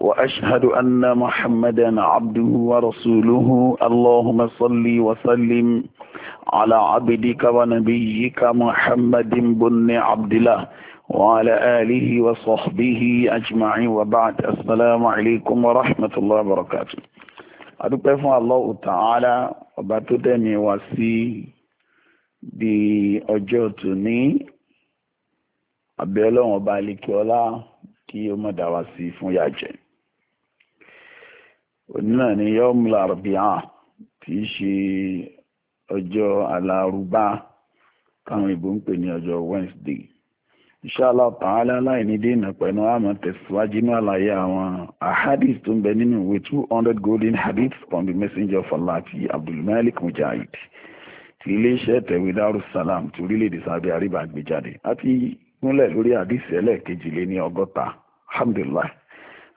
وأشهد أن محمدا عبده ورسوله اللهم صل وسلم على عبدك ونبيك محمد بن عبد الله وعلى آله وصحبه أجمعين وبعد السلام عليكم ورحمة الله وبركاته adúpẹ́ الله تعالى Ta'ala ọba tó dẹ̀mí wá sí di ọjọ́ tòní abẹ́ ọlọ́run ọba alikiola kí ó mọ̀ dá wá sí fún yàjẹ́ òní náà ni yọ́mùlà àrùbíà tí í ṣe ọjọ́ alárùbá táwọn ìbò ń pè ní ọjọ́ Wednesday inshallah ta'ala láì ní dènà pẹ̀lú àmọ́ tẹ̀síwájú ní àlàyé àwọn ahadith tó ń bẹ nínú ìwé two hundred golden hadith from the messenger of Allah ti Abdulmalik Mujahid ti iléeṣẹ́ tẹ̀wé Darussalam ti orílẹ̀-èdè Saudi Arabia gbéjáde àti gúnlẹ̀ lórí hadith ẹlẹ́ẹ̀kejì lé ní ọgọ́ta alhamdulillah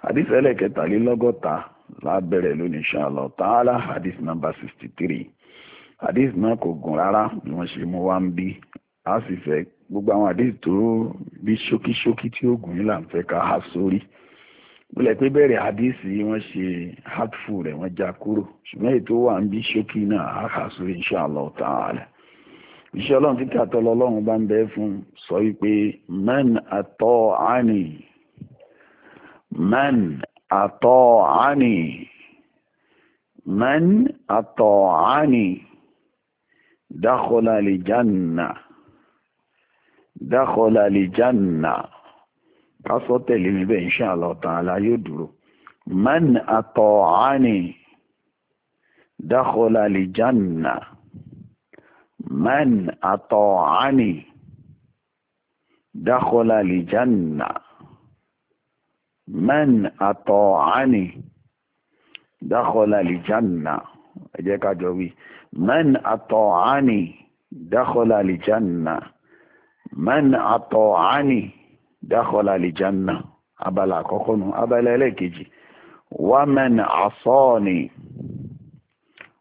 hadith ẹlẹ́ẹ̀kẹtàlélọ́gọ́ta lábẹ̀rẹ̀ lónìí inshallah ta'ala hadith number sixty three hadith náà kò gùn rárá ni wọ́n ṣe mú wá ń bí a sì fẹ́ gbogbo àwọn hadith tó bí ṣókíṣókí tí ó gùn yín là ń fẹ́ ká há sórí gbọ́dọ̀ pé bẹ̀rẹ̀ hadith yìí wọ́n ṣe hatfu rẹ̀ wọ́n já kúrò ṣùgbọ́n èyí tó wà ń bí ṣókí náà á há sórí inshallah ta'ala iṣẹ́ ọlọ́run títí àtọ́lọ́ ọlọ́run bá ń bẹ fún sọ wípé man atọ́ ani man أطاعني من أطاعني دخل الجنة دخل الجنة kásọ tẹ̀lé mi bẹ́ẹ̀ insha Allah ta'ala yóò dúró man ata'ani dakhala al-janna man ata'ani dakhala al-janna. من أطاعني دخل الجنة أجيك جوي من أطاعني دخل الجنة من أطاعني دخل الجنة أبلا كوكونو أبلا لكيجي ومن عصاني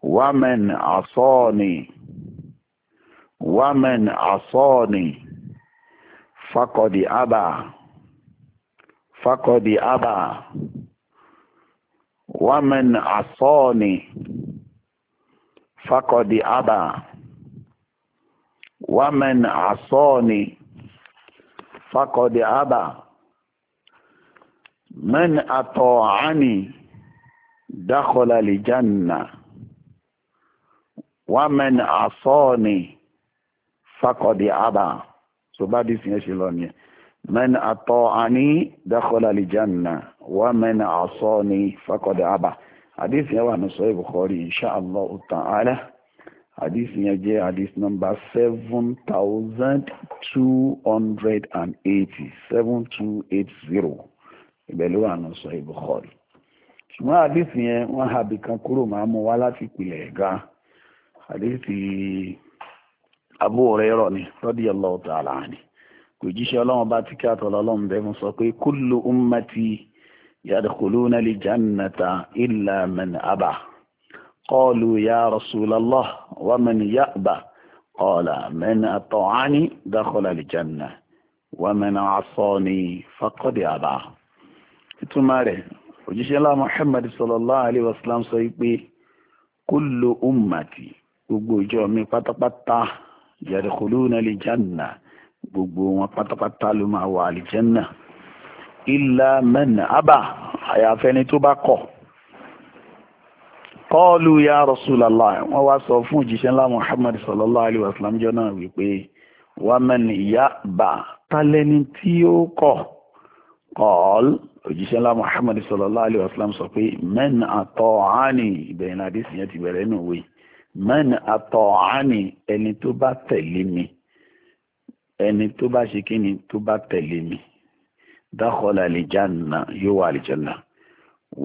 ومن عصاني ومن عصاني فقد أبا فقد أبى ومن عصاني فقد أبى ومن عصاني فقد أبى من أطاعني دخل الجنة ومن عصاني فقد أبى so bá dísìn ẹ ṣe lọ من أطاعني دخل الجنة ومن عصاني فقد أبى حديث يوا نصي بخاري إن شاء الله تعالى حديث يجي حديث نمبر 7280 7280 ìbẹ̀lú wà nصي بخاري ṣùgbọ́n hadith yẹn wọ́n ha bìkan kúrò máa mú wá láti ìpìlẹ̀ ga hadith Abu Hurairah ni radiyallahu ta'ala anhu kò jíṣẹ́ ọlọ́run bá ti kí àtọ̀lọ́ ọlọ́run bẹ́ẹ̀ fún sọ pé kullu ummati yadkhuluna li jannata illa man aba qalu ya rasulallah wa man ya'ba qala man ata'ani dakhala li janna wa man 'asani faqad aba ìtumá rẹ̀ òjíṣẹ́ ńlá muhammad sallallahu alayhi wa sallam sọ pé kullu ummati gbogbo ìjọ mi pátápátá yadkhuluna li janna gbogbo wọn pátápátá ló máa wà àlìjẹ́nà ilà mẹ́nà ábà àyàfẹ́ni tó bá kọ̀ kọ́ọ̀lù ya rasulallah wọ́n wá sọ fún òjíṣẹ́ ńlá muhammad sallallahu alayhi wa sallam jọ náà wípé wà mẹ́ni ìyá bà tálẹ́ni tí ó kọ̀ kọ́ọ̀lù òjíṣẹ́ ńlá muhammad sallallahu alayhi wa sallam sọ pé mẹ́n àtọ̀ àánì ìbẹ̀yìn àdìsíyàn ti bẹ̀rẹ̀ nù wí mẹ́n àtọ̀ àánì ẹni tó bá tẹ̀lé mi ẹni tó bá ṣe kí ni tó bá tẹ̀lé mi dákọ̀lá àlìjáná yóò wà àlìjáná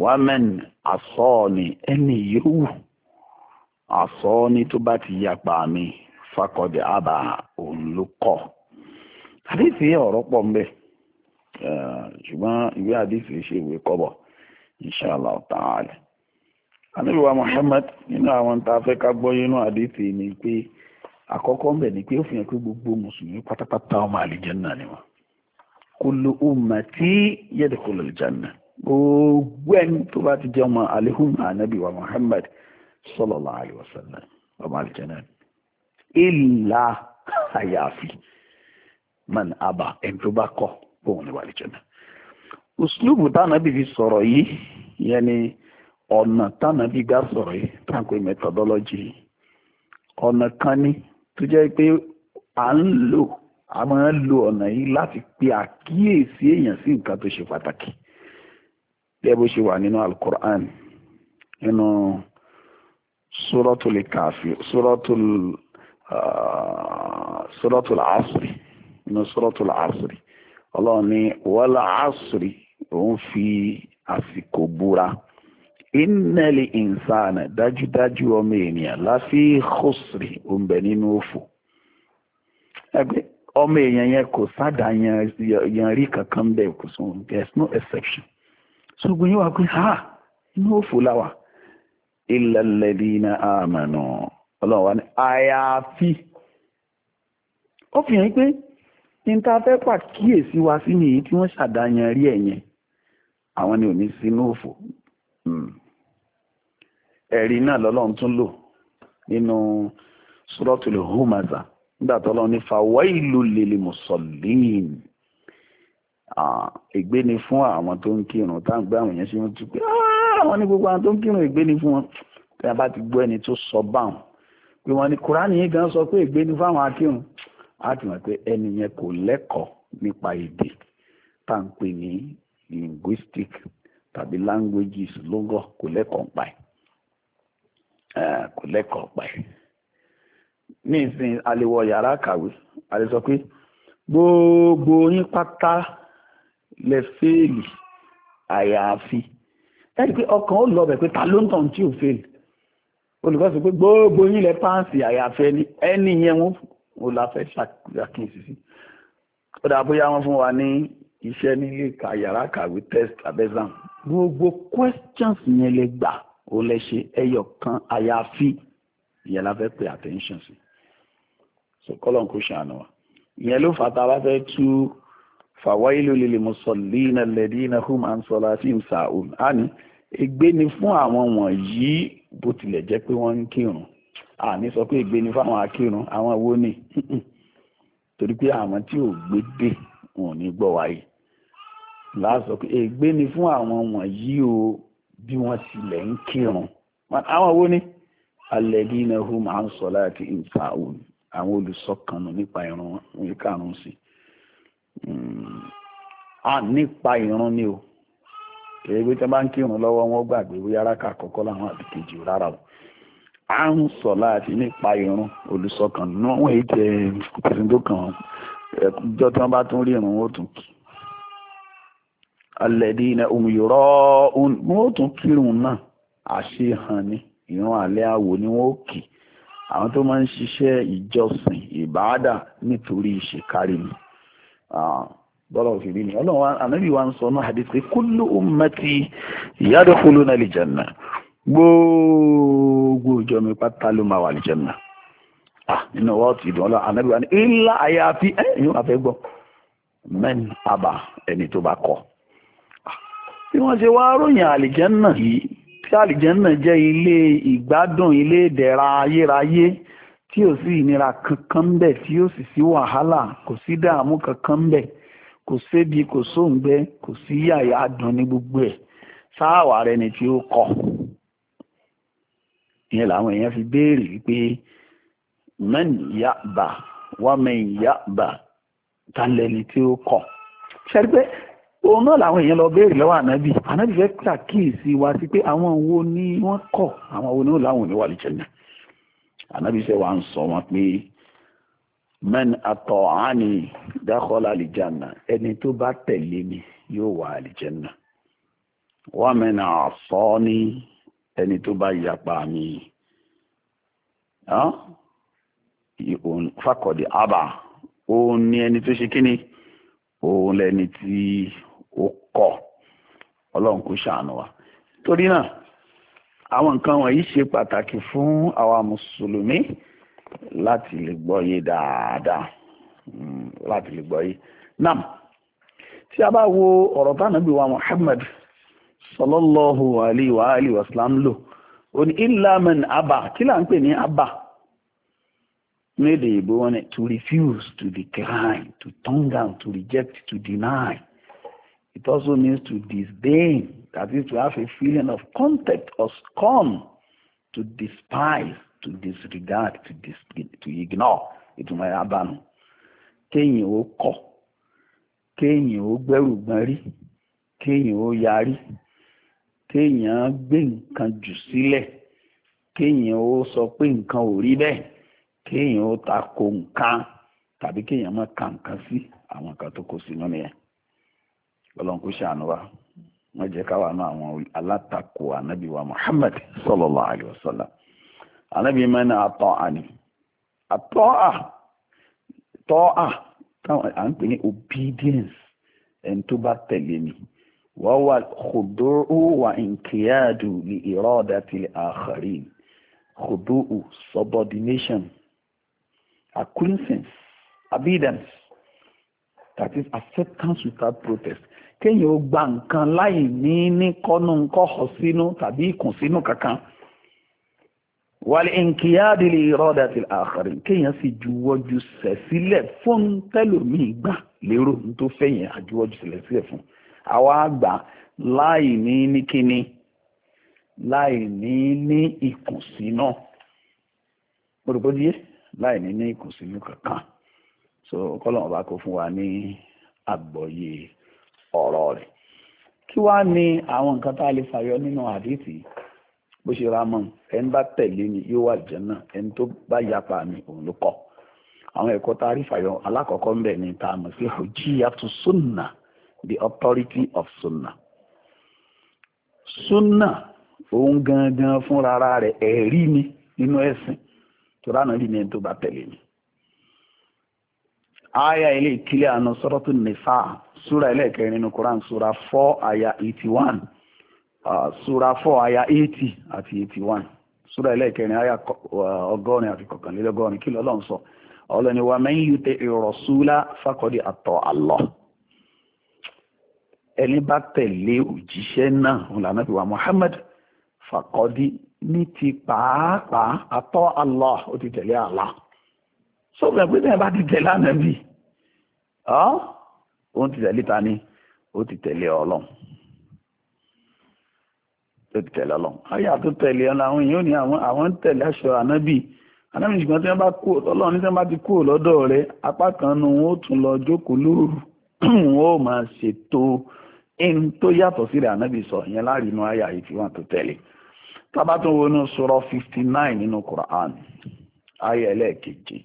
wàmẹ́n àsọ́ọ̀ni ẹni yòówù àsọ́ọ̀ni tó bá ti yapa mi fakọ̀dé àbá òun ló kọ̀ àdìsí ọ̀rọ̀ pọ̀ mbẹ́ ṣùgbọ́n ìwé àdìsí ṣe ìwé kọ́bọ̀ inṣàlá ta'ala anábìwá Muhammad nínú àwọn tá a fẹ́ ká gbọ́ yínú àdìsí ni pé àkọ́kọ́ ńbẹ̀ ni pé ó fi hàn pé gbogbo mùsùlùmí pátápátá ọmọ àlìjẹ́nà ni wọn kullu ummati yadkhulu aljanna gbogbo ẹni tó bá ti jẹ́ ọmọ alihun anabi wa muhammad sallallahu alayhi wa sallam ọmọ àlìjẹ́nà illa àyàfi man aba ẹni tó bá kọ̀ bóun ni wà àlìjẹ́nà uslubu tánàbí fi sọ̀rọ̀ yìí yẹn ni ọ̀nà tánàbí gá sọ̀rọ̀ yìí tánàbí ọ̀nà kan ní tó jẹ́ pé à ń lò a máa ń lo ọ̀nà yìí láti pe àkíyèsí èèyàn sí nǹkan tó ṣe pàtàkì gẹ́gẹ́ bó ṣe wà nínú alukur'an nínú suratul kafir suratul ah, suratul asri nínú suratul asri ọlọ́run ní wal asri òun fi àsìkò búra ìnnẹ́lì ìnsánà dájúdájú ọmọ ènìyàn láfi khusri ó ń bẹ nínú òfò ẹgbẹ́ ọmọ èèyàn yẹn kò sáàdà yan rí kankan bẹ́ẹ̀ kò sùn there's no exception ṣùgbọ́n yóò wá pé ha ah, inú òfò láwà ìlàlẹ́dínà àmànà ọlọ́run wa ní àyàfi ó fi hàn pé níta fẹ́ pàkíyèsí wa sí nìyí tí wọ́n ṣàdáyan rí ẹ̀yẹn àwọn ni ò ní sínú òfò Hmm. ẹ̀rí náà lọ́lọ́run tún lò nínú suratul humaza nígbà tọ́lọ́run ní fawailu lil musallin ègbé ni fún àwọn tó ń kírun tá à ń gbé àwọn èèyàn sí wọn ti pé ah, àwọn ní gbogbo àwọn tó ń kírun ègbé ni fún wọn tí a bá ti gbọ́ ẹni tó sọ báwọn pé wọ́n ní kúránì yìí gan sọ pé ègbé ni fáwọn akírun á ti mọ̀ pé ẹni yẹn kò lẹ́kọ̀ọ́ nípa èdè tá à ń pè ní linguistic tàbí languages lógọ kò lẹ́kọ̀ọ́ pa ẹ̀ kò lẹ́kọ̀ọ́ pa ẹ̀ ní ìsìn aliwọ yàrá kàwé a lè sọ pé gbogbo yín pátá lè fẹ́ẹ̀lì àyàfi ẹ̀rí pé ọkàn ó lọ bẹ̀ pé ta ló ń tàn tí ò fẹ́ẹ̀lì olùkọ́ sọ pé gbogbo yín lẹ páàsì àyàfẹ́ ni ẹni yẹn wọn ò la fẹ́ ṣàkíyèsí sí ó dà bóyá wọ́n fún wa ní iṣẹ́ nílé yàrá kàwé test abẹ́sàn gbogbo questions yẹn lè gbà ó lè ṣe ẹyọ kan àyàfi ìyẹn la fẹ́ pay attention sí so kọ́lọ̀ kò ṣàánú wa ìyẹn ló fà tá a bá fẹ́ tú fàwáìlú lil musallina alladina hum an salatihim sa'un àní ègbé ni fún àwọn wọ̀nyí bó tilẹ̀ jẹ́ pé wọ́n ń kírun àní sọ pé ègbé ni fáwọn akírun àwọn wo ni torí pé àwọn tí ò gbé dé wọn ò ní gbọ́ wáyé láàsọ pé ègbé ni fún àwọn wọ̀nyí o bí wọ́n tilẹ̀ ń kírun àwọn wo ni alladhina hum an salatihim sahun àwọn olùsọkànnù nípa ìrun wọn kàrún sí hmm. nípa ìrun ni o kèrègbé tí wọ́n bá ń kírun lọ́wọ́ wọn gbàgbé bóyá rákà àkọ́kọ́ láwọn àbí rárá o à ń sọ láti nípa ìrun olùsọkànnù wọn èyí tẹ pẹ̀sìndó kan ẹjọ́ tí wọ́n bá tún rí ìrun ó tún kí alẹ́dínà omiyọ̀rọ̀ òun wọ́n tún kírun náà àṣehàn ni ìran alẹ́ àwò ni wọ́n ó kì àwọn tó máa ń ṣiṣẹ́ ìjọsìn ìbáàdà nítorí ìṣèkárí ni bọ́lá òfin ni ọlọ́run anábì wa ń sọ náà hadith pé kullu ummati yadkhuluna aljanna gbogbo ìjọ mi pátá ló máa wà aljanna nínú ọwọ́ ti dùn ọlọ́run anábì wa ní ilá àyàfi ẹ̀yìn àfẹ́gbọ́ mẹ́ni àbà ẹni tó bá kọ̀ bí wọ́n ṣe wá ròyìn àlìjẹ́nà yìí tí àlìjẹ́nà jẹ́ ilé ìgbádùn ilé ìdẹ̀ra ayérayé tí ò sí ìnira kankan ń bẹ̀ tí ó sì sí wàhálà kò sí dààmú kankan ń bẹ̀ kò sébi kò sóǹgbẹ kò sí yàyà adùn ní gbogbo ẹ̀ sáàwà rẹ ni tí ó kọ ìyẹn làwọn èèyàn fi béèrè wípé mẹ́ni ìyá bà wọ́n mẹ́ni ìyá bà tálẹ́ni tí ó kọ ṣẹ́rí pé òun náà làwọn èèyàn lọ béèrè lọ́wọ́ ànábì ànábì fẹ́ kàkíyèsí wa sí pé àwọn wo ni wọ́n kọ̀ àwọn wo ni wọ́n láwọn oníwà àlìjẹ́nà ànábì fẹ́ wa ń sọ wọn pé man atọ̀ àní dákọ́lá àlìjẹ́nà ẹni tó bá tẹ̀lé mi yóò wà àlìjẹ́nà wọ́n mẹ́nà àsọ ní ẹni tó bá yapa mi ah, fakọ̀dé àbà òun ni ẹni tó ṣe kíni òun lẹni tí kọ̀ ọlọ́run kò ṣàánú wa torí náà àwọn nǹkan wọ̀nyí ṣe pàtàkì fún àwa mùsùlùmí láti lè gbọ́yé dáadáa hmm, láti lè gbọ́yé nam tí a bá wo ọ̀rọ̀ tánàbí wa Muhammad sallallahu alayhi wa alayhi wa sallam lò ó ní illa man abba kí là ń pè ní abba ní èdè ìbò wọn ni to refuse to decline to turn down to reject to deny It also means to disdain, that is to have a feeling of contempt or scorn, to despise, to disregard, to, dis to ignore. Ìtumọ̀ ẹ̀rọ abánu. Kéèyàn o ko, kéèyàn o gbẹ́rù gbọ́n rí, kéèyàn ó yarí, kéèyàn gbé nǹkan jù sílẹ̀, kéèyàn ó sọ pé nǹkan ò rí bẹ́ẹ̀, kéèyàn ó tako nǹkan tàbí kéèyàn má ka ọlọ́run kó ṣàánú wa wọ́n jẹ́ káwa náà àwọn alátakò ànábì wa Muhammad sallallahu alayhi wa sallam ànábì mẹ́ni àtọ́ àní àtọ́ à tọ́ à táwọn à ń pè ní obedience ẹni tó bá tẹ̀lé mi wọ́n wà kòdóòwò wà nkìyàdù ní ìrọ́ọ̀dàtì àkàrin kòdóòwò subordination acquiescence abidance that is acceptance without protest kéèyàn ó gba nǹkan láì ní ní kọ́nú kọ́họ̀ sínú tàbí ìkùn sínú kankan wàlẹ̀ ìǹkìyàdì lè rọ́dà ti àkàrí kéèyàn sì juwọ́jú sẹ̀ sílẹ̀ fún tẹ́lòmíì gbà lérò tó fẹ̀yìn àjuwọ́jú sílẹ̀ sílẹ̀ fún àwa àgbà láì ní ní kíni láì ní ní ìkùn sínú mo láì ní ní ìkùn sínú kankan so kọ́lọ́mọba kó fún wa ní àgbọ̀yé. ọ̀rọ̀ rẹ̀ kí wá ní àwọn nǹkan tá a lè fàyọ nínú àdìtì bó ṣe ra tẹ̀lé mi yóò wà náà ẹni tó bá yapa mi òun ló kọ́ àwọn ẹ̀kọ́ tá a rí fàyọ alákọ̀ọ́kọ́ ń bẹ̀ tá a mọ̀ sí hujjiyatu sunna the authority of sunna sunna òun gangan fúnra ẹ̀rí mi aya ilé ìkílẹ̀ àna sọ́rọ́tù nìfà súra ẹlẹ́ẹ̀kẹrin nínú Quran súra 4 aya 81 uh, súra 4 aya 80 àti 81 súra ẹlẹ́ẹ̀kẹrin aya ọgọ́rin àti kọkànlélọ́gọ́rin kí lọ́lọ́run sọ ọlọ́ni wa man yuti rasula faqadi ata Allah ẹni bá tẹ̀lé òjíṣẹ́ náà ọ̀làná fi wà Muhammad faqadi ní ti pàápàá atọ́ Allah ó ti tẹ̀lé Allah sóbẹ̀ pé tẹ̀ bá ti tẹ̀lé ànábì ọ́ òun ti tẹ̀lé ta ni ó ti tẹ̀lé ọlọ́run ó ti tẹ̀lé ọlọ́run àyà tó tẹ̀lé ọ̀la àwọn èèyàn ní àwọn ń tẹ̀lé aṣọ ànábì ànábì ṣùgbọ́n tí wọ́n bá kú ọlọ́run ní tí wọ́n bá ti kú lọ́dọ̀ rẹ̀ apá kan nu wọn ó tún lọ jókòó lóru wọn ó máa ṣètò ẹni tó yàtọ̀ sí rẹ̀ ànábì sọ ìyẹn láàrin inú àyà yìí tí wọ́n tó tẹ̀lé tábàtún wọnú sura fifty nine nínú Qur'an àyà ẹlẹ́ẹ̀kejì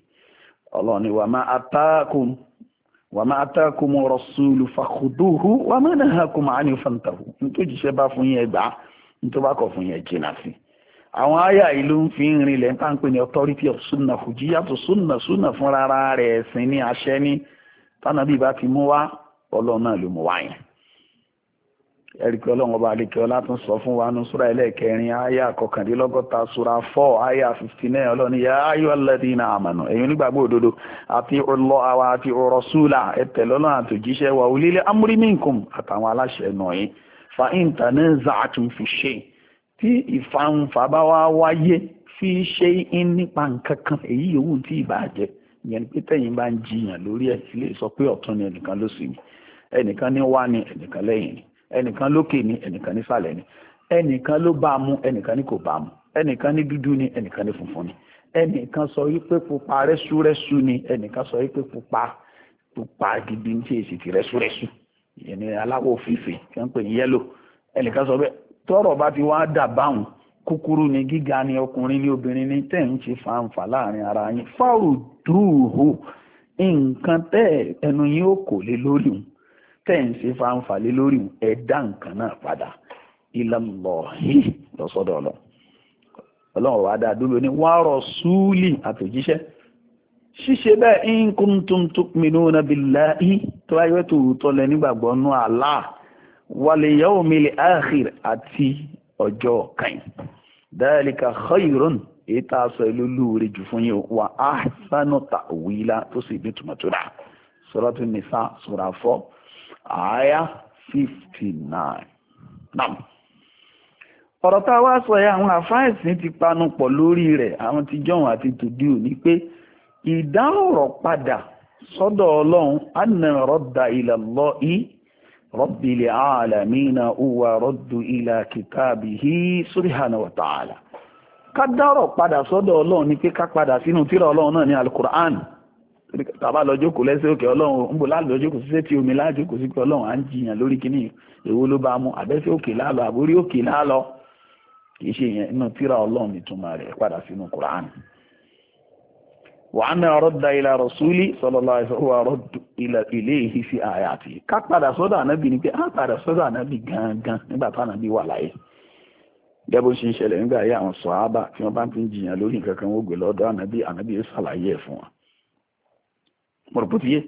ọlọ́run ni wà máa atákùn wà máa atákùn rọ̀sùlù fàkùdúhù wà máa náà hakùn máa ní fàǹtàhù nítorí jíṣẹ́ bá fún yẹn gbà nítorí bá kọ̀ fún yẹn jìnnà sí i àwọn àyà yìí ń fi ń rinlẹ̀ ń pàǹpẹ́ ní authority of sunna fujiyatu sunna sunna fúnra rẹ̀ ẹ̀sìn ní àṣẹ ní tánàbí bá ti mú wá ọlọ́run náà ló mú wá yẹn ẹ̀ríkẹ́ ọlọ́run ọba àlekẹ́ ọlá tún sọ fún wa nù súra ẹlẹ́ẹ̀kẹrin àyà kọkàndínlọ́gọ́ta súra four àyà fifty nine ọlọ́run yà áyọ̀ alladhina amanu ẹ̀yin onígbàgbọ́ òdodo àti ọlọ́ àwa àti rasula ẹ̀tẹ̀ lọ́nà àtòjíṣẹ́ wa ulil amri minkum àtàwọn aláṣẹ nọ̀yìn fa in tanaza'tum fi shay tí ìfanfà bá wá wáyé fi shay'in nípa nǹkan kan èyí yòówù tí ì ẹnìkan ní wá ni ẹnìkan lẹ́yìn ni ẹnìkan lókè ni ẹnìkan nísàlẹ̀ ni ẹnìkan ló bá a mu ẹnìkan ní kò bá a mu ẹnìkan ní dúdú ni ẹnìkan ní funfun ni ẹnìkan sọ wípé pupa rẹ́súrẹ́sú ni ẹnìkan sọ wípé pupa pupa gidi ní tí èsì ti rẹ́súrẹ́sú ìyẹn ni aláwọ̀ òfìfè kí wọ́n pè ní yẹ́lò ẹnìkan sọ bẹ́ẹ̀ tọ́rọ̀ bá ti wá dà báwọn kúkúrú ni gíga ni ọkùnrin ni obìnrin ni tẹ̀ ń ṣe fàǹfà láàrin ara yín fáwùdúhù nǹkan tẹ́ ẹnu yín ó kò lé lórí òun tẹ̀ ń ṣe fáńfà lé lórí ẹ dá nǹkan náà padà ilallahi lọ́sọ́dọ̀ ọlọ́run ọlọ́run wàá dáa dúró ní wa rasuli àtòjíṣẹ́ ṣíṣe bẹ́ẹ̀ in kuntum tu'minuna billahi tó wáyé tó tọ́ lẹ nígbàgbọ́ nú Allah wal yawmil akhir àti ọjọ́ kan dhalika khayrun èyí tá a sọ ìlú lóore jù fún yín wa ahsanu ta'wila tó sì bí tùmọ̀tò rà Suratu Nisa sura 4 Aya 59 nine. ọ̀rọ̀ tá a wá sọ ya àwọn ti panu pọ̀ lórí rẹ̀ àwọn ti àti tòdí òní pé ìdáhùn padà sọ́dọ̀ ọlọ́run ila Allahi rabbil alamina ila kitabihi subhanahu wa ta'ala ká dárọ̀ padà sọ́dọ̀ ọlọ́run ni pé ká padà sínú ọlọ́run náà ní alukur'an tàbá lọ jókòó lẹ́sẹ̀ òkè ọlọ́run ń bò láàlú lọ́jọ́kòó sí sétí omi láàjókòó sí pé ọlọ́run à ń jiyàn lórí kíní èwo ló bá mú àbẹ́sẹ̀ òkè láàlọ́ àbórí òkè láàlọ́ kì í ṣe yẹn inú tíra ọlọ́run nìtumọ̀ rẹ̀ padà sínú kùránì. wàhánà ọ̀rọ̀dà ilà rọ̀súlì sallallahu alaihi wa rọ̀dù ilé yìí fi àyà àti ká padà sọ́dọ̀ ànábì ni pé á padà sọ́dọ̀ ànábì gangan nígbà tánábì wà láyé gẹ́gẹ́ bó ṣe ń ṣẹlẹ̀ nígbà yà àwọn sọ̀hábà tí wọ́n bá ń fi jiyàn lórí nǹkan kan wọ́n gbé lọ́dọ̀ ànábì ànábì yóò ṣàlàyé ẹ̀ fún wọn mọ̀rọ̀pútìyé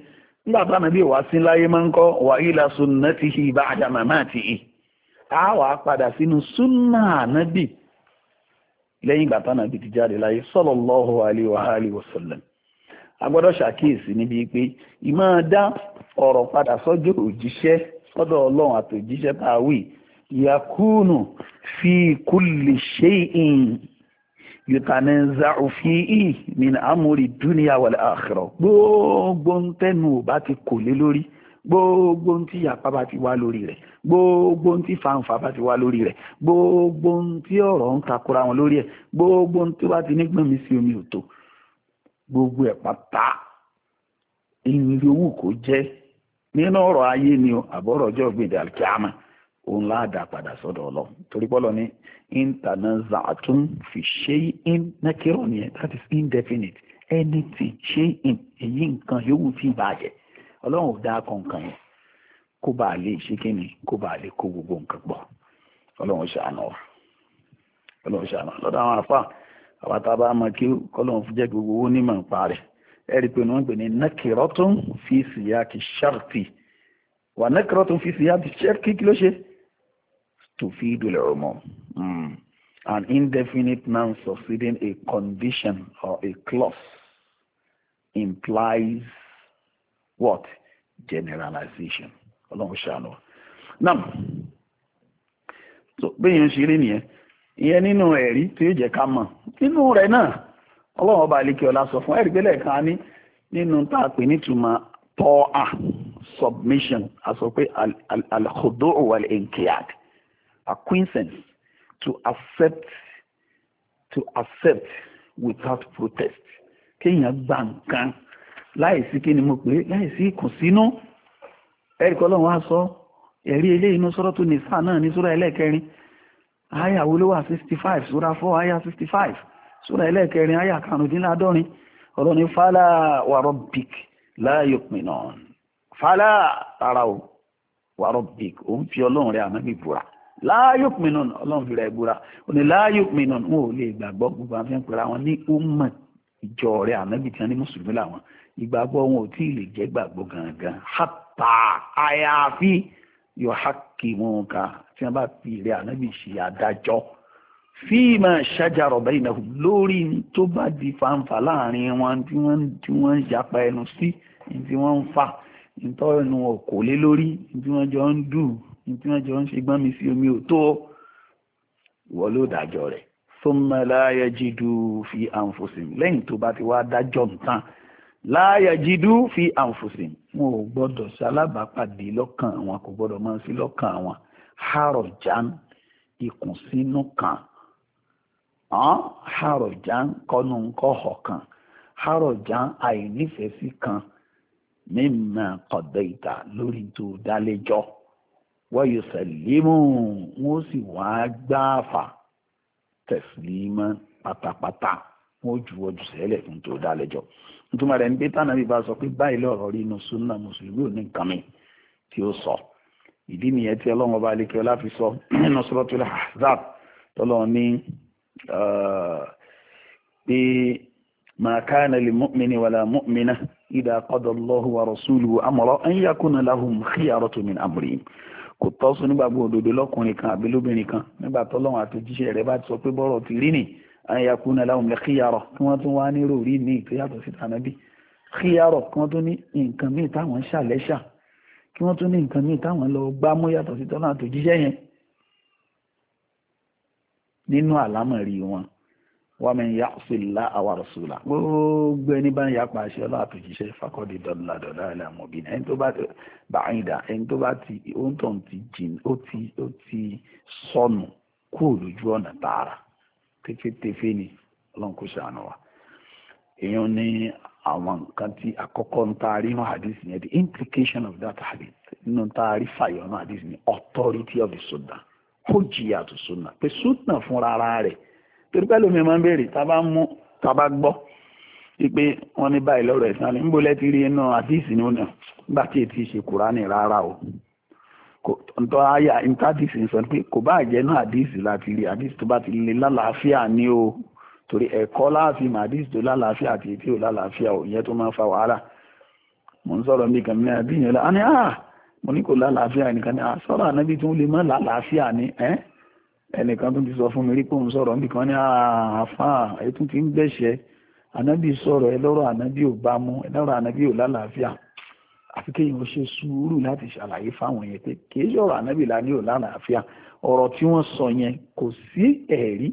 nígbà tá nàbí wà sí láyé máa ń kọ́ wà ilà sunnatihi ba'da mamatihi á wà padà sínú súnà nàbí lẹ́yìn ìgbà tá nàbí ti jáde láyé sallallahu alaihi wa alihi wa sallam a gbọ́dọ̀ ṣàkíyèsí níbi pé ìmọ̀ dá ọ̀rọ̀ padà sọ́jọ́ òjíṣẹ́ sọ́dọ̀ ọlọ́run àtòjíṣẹ́ tá a wí yakunu fi kulli shay'in yìtàní zaufin ì ní amúrí dúníà wal akhira gbogbo ń tẹnu ò bá ti kò lé lórí gbogbo ń tí yàpá bá ti wá lórí rẹ̀ gbogbo ń tí fanfa bá ti wá lórí rẹ̀ gbogbo ń tí ọ̀rọ̀ ń takora wọn lórí ẹ̀ gbogbo ń tí wá ti nígbọn mi sí omi ò gbogbo ẹ̀ pátá ìyìn yòówù kó jẹ́ nínú ọ̀rọ̀ ayé ni àbọ̀rọ̀ ọjọ́ gbèdé alkiama òun láàdá padà sọ́dọ̀ ọlọ́run torí pọ́lọ́ ní intanazatun fi ṣe in nakiro nìyẹn that is indefinite anything ṣe in èyí nǹkan yòówù tí ìbàjẹ́ ọlọ́run ò dáa kọ̀ọ̀kan yẹn kó bá lè ṣe kí ni kó bá lè kó gbogbo nǹkan pọ̀ ọlọ́run ṣàánú wa ọlọ́run ṣàánú lọ́dọ̀ àwọn àfà àwọn bá mọ kí ọlọ́run jẹ́ gbogbo owó nímọ̀ nípa rẹ̀ ẹ̀rí pé wọ́n ń pè ní nakirọ́tún fi síyá kì sharti wà nakirọ́tún fi síyá kì sharti kí ló ṣe تفيد العموم mm. an indefinite noun succeeding a condition or a clause implies what generalization ọlọ́run ṣàánú now so bẹ́ẹ̀ yẹn ṣe rí nìyẹn ìyẹn nínú ẹ̀rí tí yóò jẹ́ ká mọ̀ nínú rẹ̀ náà ọlọ́run ọba àlekè ọlá sọ fún ẹ̀rí gbẹ́lẹ̀ kan ní nínú tá a pè nítumọ̀ tọ́à submission a sọ pé al-khudu' wal-inqiyad acquiescence to accept to accept without protest kéèyàn gba nǹkan láìsí kí ni mo pè é láìsí ìkùnsínú ẹ̀rí kọ́lọ́run á sọ ẹ̀rí eléyìí inú sọ́rọ́ tó ní sáà náà ní sóra ẹlẹ́ẹ̀kẹrin aya wo ló wà sixty five sóra four aya sixty five sóra ẹlẹ́ẹ̀kẹrin aya karùndínláàádọ́rin ọ̀rọ̀ ní fàlà wàrọ̀ big láàyò pinnu fàlà ara o wàrọ̀ big òun fi ọlọ́run rẹ̀ àmọ́ bíbúra láàyùk mìíràn ọlọ́run fi ra ìbúra ó ní láàyùk mìíràn wọn ò lè gbàgbọ́ gbogbo àwọn fẹ́ ń pera ní umma ìjọ rẹ̀ ànábì tí wọ́n ní mùsùlùmí làwọn ìgbàgbọ́ wọn ò tí ì lè jẹ́ gbàgbọ́ gangan hàtà àyàfi yọ hákì wọn ká tí wọ́n bá fi rẹ̀ ànábì ṣe adájọ́ fíìmà ṣájàrọ̀ bẹ́yìn náà lórí tó bá di fanfa láàrin wọn tí wọ́n tí wọ́n ń yapa ẹnu sí tí wọ́n ń fà ìtọ́ ẹnu ọkọ̀ lé lórí tí wọ́n jọ ń dùn tí wọ́n jọ ń ṣe gbọ́n mi sí omi ò tó wọ́n ló dájọ́ rẹ̀ thumma la fi anfusim lẹ́yìn tó bá ti wá dájọ́ nǹkan la yajidu fi anfusim wọn ò gbọ́dọ̀ ṣalábàápàdé lọ́kàn wọn kò gbọ́dọ̀ máa sí lọ́kàn wọn harajan ìkùnsínú kan harajan kọ́nu ńkọ́ ọ̀kan harajan àìnífẹ̀ẹ́sí kan mímọ́ kọ̀dọ̀ ìta lórí tó dálẹ́jọ́ wáyé sẹ̀lẹ́mù wọ́n sì wá gbáàfà tẹ̀sílímọ́ pátápátá wọ́n ju ọjọ́ sẹ́lẹ̀ fún tó dá lẹ́jọ́ nítorí rẹ̀ ń gbé tánà bí bá sọ pé báyìí lọ́rọ̀ rí inú súnà mùsùlùmí ò ní nǹkan mi tí ó sọ ìdí nìyẹn tí ọlọ́run ọba alẹ́kẹ́ ọlá fi sọ nínú Suratul Ahzab tọ́lọ́run ní pé ma kana lil mu'mini wala mu'mina idha qada Allahu wa rasuluhu amra an yakuna kò tọ́ sún nígbàgbọ́ òdodo lọ́kùnrin kan àbí lóbìnrin kan nígbà tọ́lọ́run àtòjíṣẹ́ rẹ̀ bá ti sọ pé bọ́rọ̀ ti rí nì ayakuna lahum lẹ́ kíyàrọ̀ kí wọ́n tún wá ní ròrí ní ìtòyàtọ̀ sí tànàbí kíyàrọ̀ kí wọ́n tún ní nǹkan míì táwọn ń ṣàlẹ́ṣà kí wọ́n tún ní nǹkan míì táwọn lọ gbá mú yàtọ̀ sí tọ́lọ́run àtòjíṣẹ́ yẹn nínú àlámọ̀rí wọn wa man ya'si Allaha wa rasulahu gbogbo ẹni bá ń yapa àṣẹ ọlọ́àtòjíṣẹ́ fàkọ́dé dọ́là dọ́là ilẹ̀ àmọ̀bí ẹni tó bá bàáyìdá ẹni tó bá ti òǹtọ̀n ti jìn ó ti ó ti sọnù kúrò lójú ọ̀nà tààrà tẹ́fẹ́tẹ́fẹ́ ni ọlọ́run kò ṣàánú wa èèyàn ní àwọn nǹkan tí àkọ́kọ́ ń taari nù hadith yẹn the implication of that hadith nínú taari fàyọ̀ nù hadith ni authority of the sunnah ó jìyà tó sunnah pé sunnah rẹ̀ torí pẹ́lú mi máa ń béèrè tá a bá mú tá a bá gbọ́ wípé wọ́n ní báyìí lọ́rọ̀ ẹ̀sán ni níbo lẹ ti rí inú àdìsí ni ó nà nígbà tí èyí ti ṣe kùránì rárá o ntọ́ àyà intadìsí sọ pé kò bá jẹ́ inú àdìsí láti rí àdìsí tó bá ti lè lálàáfíà ní o torí ẹ̀kọ́ láàfin àdìsí tó lálàáfíà àti èyí ò lálàáfíà ò yẹ tó máa fa wàhálà mo ń sọ̀rọ̀ mi kàn ní ah, àbíyàn ah, lọ ẹnìkan tó ti sọ fún mi rí pé òun sọ̀rọ̀ nìkan ní ah, àáfàá ètún ti ń gbẹ̀ṣẹ̀ ànábì sọ̀rọ̀ ẹ lọ́rọ̀ ànábì ò bá mú ẹ lọ́rọ̀ ànábì ò lálàáfíà àfi kéèyàn ṣe sùúrù láti ṣàlàyé fáwọn yẹn pé kìí sọ̀rọ̀ ànábì lání ò lálàáfíà ọ̀rọ̀ tí wọ́n sọ yẹn kò sí ẹ̀rí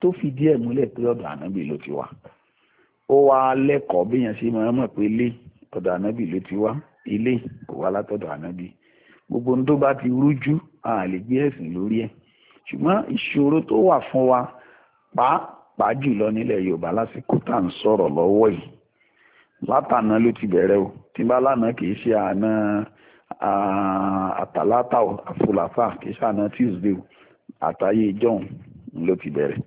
tó fìdí ẹ̀ múlẹ̀ pé ọ̀dọ̀ ànábì ló ti wá ó wá lẹ́kọ̀ọ́ béèyàn ṣe máa mọ̀ pé ilé ọ̀dọ̀ ànábì ló ti wá ilé kò wá látọ̀dọ̀ ànábì gbogbo ohun tó bá ti rújú a gbé ẹ̀sìn lórí ẹ̀ ṣùgbọ́n ìṣòro tó wà fún wa pàápàá jùlọ nílẹ̀ yorùbá lásìkò tá à ń sọ̀rọ̀ lọ́wọ́ yìí látàná ló ti bẹ̀rẹ̀ o tí bá lánàá kì í ṣe àná àtàlátà àfúlàfà kì í ṣe àná tuesday àtàyè john ló ti bẹ̀rẹ̀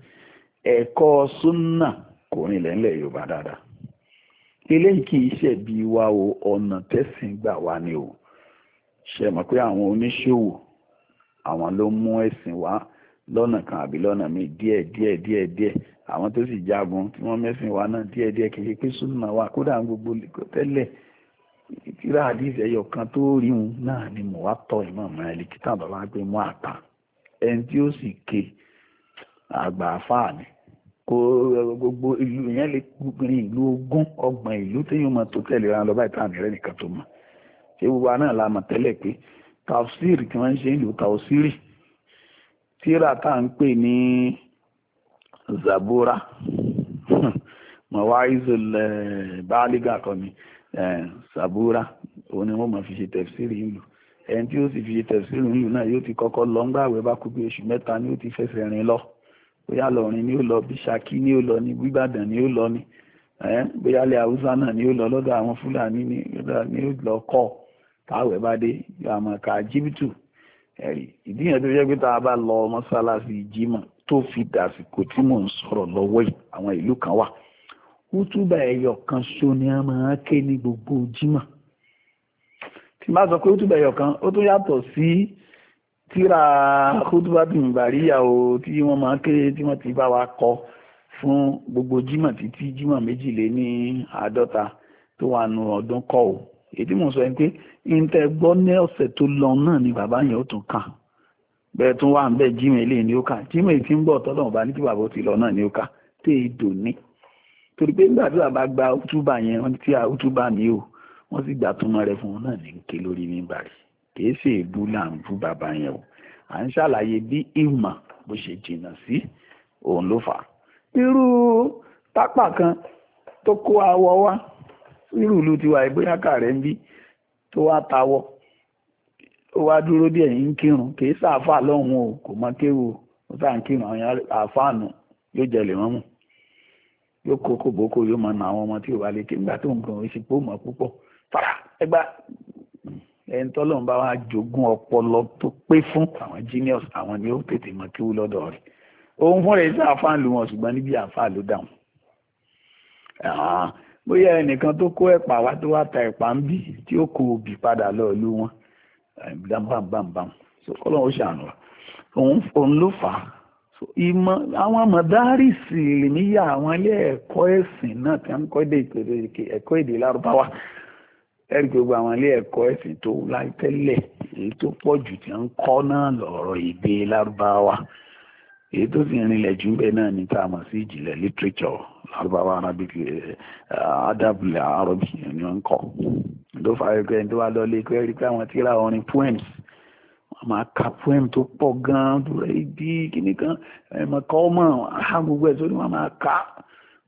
ẹ̀kọ́ súnà kò rìnlẹ̀ ńlẹ̀ yorùbá dáadáa eléyìí kì í ṣẹ̀bi wa o ọ̀nà tẹ̀sìn gbà wá ni o ṣe mọ̀ pé àwọn oníṣòwò àwọn ló mú ẹ̀sìn wá lọ́nà kan àbí lọ́nà míì díẹ̀ díẹ̀ díẹ̀ díẹ̀ àwọn tó sì jagun tí wọ́n mẹ́sìn wa náà díẹ̀ díẹ̀ kékeré pé súnmọ́ wa kódà gbogbo tẹ́lẹ̀ tíra àdìs ẹyọ kan tó rí wọn náà ni mo wá tọ ìmọ̀ Málíkì kí táwọn bàbá gbé mú àtà ẹni tí ó sì ké àgbà àfáà ni kó gbogbo ìlú yẹn lè rin ìlú ogún ọgbọ̀n ìlú téèyàn mọ̀ tó tẹ̀lé ra lọ báyìí táwọn ìrẹ́ nìkan tó mọ̀ ṣé gbogbo aná la mọ̀ tẹ́lẹ̀ pé tàwsírì tí wọ́n ń ṣe ìlú tàwsírì tíra tá à ń pè ní zabura mọ̀wáìzùl báálígà kan ni eh, zabura òun ni wọ́n mọ̀ fi ṣe tẹ̀fsírì ìlú ẹni tí ó sì fi ṣe tẹ̀síìrì ńlù náà yóò ti kọ́kọ́ lọ ńgbàwé bá kú bí oṣù mẹ́ta ni ó ti fẹsẹ̀ rìn lọ bóyá lọ́rin ni ó lọ bí Ṣakí ni ó lọ ní gbígbàdàn ni ó lọ ní eh, bóyá lẹ́ Haúsá náà ni ó lọ lọ́dọ̀ àwọn Fúlàní ni ó lọ kọ́ táwẹ̀ bá dé àmọ́ ká jìbìtù ẹ̀rí ìdí yẹn tó yẹ pé tá a bá lọ mọ́sálásí jímọ̀ tó fi dàsìkò tí mò ń sọ̀rọ̀ lọ́wọ́ yìí àwọn ìlú kan wà útúbà ẹ̀yọ̀ kan ṣo ni a máa ké ní gbogbo jímọ̀ tí má sọ pé útúbà ẹ̀yọ̀ kan ó tún yàtọ̀ sí tíra útúbà tìǹbàríyà o tí wọ́n máa ké tí wọ́n ti bá wa kọ fún gbogbo jímọ̀ títí jímọ̀ méjì lé ní àádọ́ta tó wà nù ọdún kọ́ o èdè mò ń sọ yẹn pé ìǹtẹ̀ gbọ́ ní ọ̀sẹ̀ tó lọ náà ni bàbá yẹn ó tún kàn bẹ́ẹ̀ tún wà ń bẹ́ẹ̀ jímọ̀ eléyìí ni ó kà jímọ̀ èyí tí ń bọ̀ tọ́lọ́run bá ní kí bàbá ó ti lọ náà ni ó kà tẹ́ ẹ dò ní torí pé nígbà tí bàbá gba útúbà yẹn wọ́n ti útúbà mi ò wọ́n sì gbà túmọ̀ rẹ̀ fún wọn náà ní ké lórí mímbà rẹ̀ kì í ṣe èbú là ń bú bàbá yẹn o à ń ṣàlàyé bí ìmọ̀ bó ṣe jìnnà sí òun ló fà irú tápà kan tó kó awọ wá irú ìlú tiwa ìbóyá kàrẹ́ ń bí tó wá tawọ́ ó wá dúró díẹ̀ ń kírun lọ́hùn o kò mọ kéwu ó sàn kírun àwọn àfáànù yóò jẹlẹ̀ wọ́n mú yóò kó kòbókò yóò mọ nà àwọn ọmọ tí ò bá lè ké nígbà tó ń gan mọ̀ púpọ̀ fara ẹgbà ẹni tọ́lọ́run bá wá jogún ọpọlọ tó pé fún àwọn genius àwọn ni ó tètè mọ kéwu lọ́dọ̀ rẹ̀ òun wọn ṣùgbọ́n níbi àfáà ló bóyá ẹnìkan tó kó ẹ̀pà wá tó wá ta ẹ̀pà ń bì tí ó kó obì padà lọ ìlú wọn bámbámbámbám so kọ́lọ́n ó ṣàánú òun ló fà á ìmọ̀ àwọn mọ̀dárìsì níyà àwọn ilé ẹ̀kọ́ ẹ̀sìn náà tí wọ́n ń kọ́ èdè ìpèrè ẹ̀kọ́ èdè lárúbáwá ẹ̀rí gbogbo àwọn ilé ẹ̀kọ́ ẹ̀sìn tó láì tẹ́lẹ̀ èyí tó pọ̀ jù tí wọ́n ń kọ́ náà lọ̀rọ̀ èdè lárúbáwá èyí tó sì rinlẹ̀ jù bẹ́ẹ̀ náà ní tá a mọ̀ sí ìjìnlẹ̀ literature lárúbáwá arabic eh, adabula arabic ni wọ́n ń kọ́ tó fa ẹgbẹ́ ẹni tó wá lọ lé pé rí pé àwọn tíra orin poems wọ́n máa ka poem tó pọ̀ gan-an dúró ibi kíní kan ẹ̀mọ̀ kọ́ mọ̀ á gbogbo ẹ̀ sórí wọ́n máa ka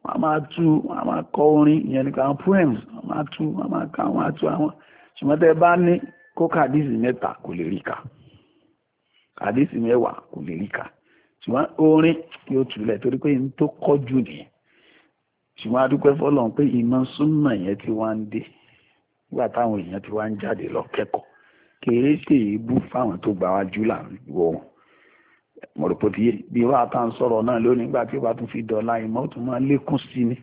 wọ́n máa tú wọ́n máa kọ orin ìyẹn nípa àwọn poems wọ́n máa tú wọ́n máa ka wọ́n máa tú àwọn ṣùgbọ́n tẹ́ bá ní kó kàdísì mẹ́ta kò lè rí kàdísì mẹ́wàá kò lè rí ṣùgbọ́n orin yóò túlẹ̀ torí pé n tó kọ́ jù nìyẹn ṣùgbọ́n adúpẹ́ fọlọ́n pé ìmọ̀ súnmọ̀ yẹn ti wá ń dé nígbà táwọn èèyàn ti wá ń jáde lọ kẹ́kọ̀ọ́ kéré sí èébú fáwọn tó gbà wá jù láwọ mọ̀rọ̀pọ̀tìyẹ bí wàá tá à ń sọ̀rọ̀ náà lónìí nígbà tí ó tún fi dọ̀la ìmọ̀ ó máa lékún sí ni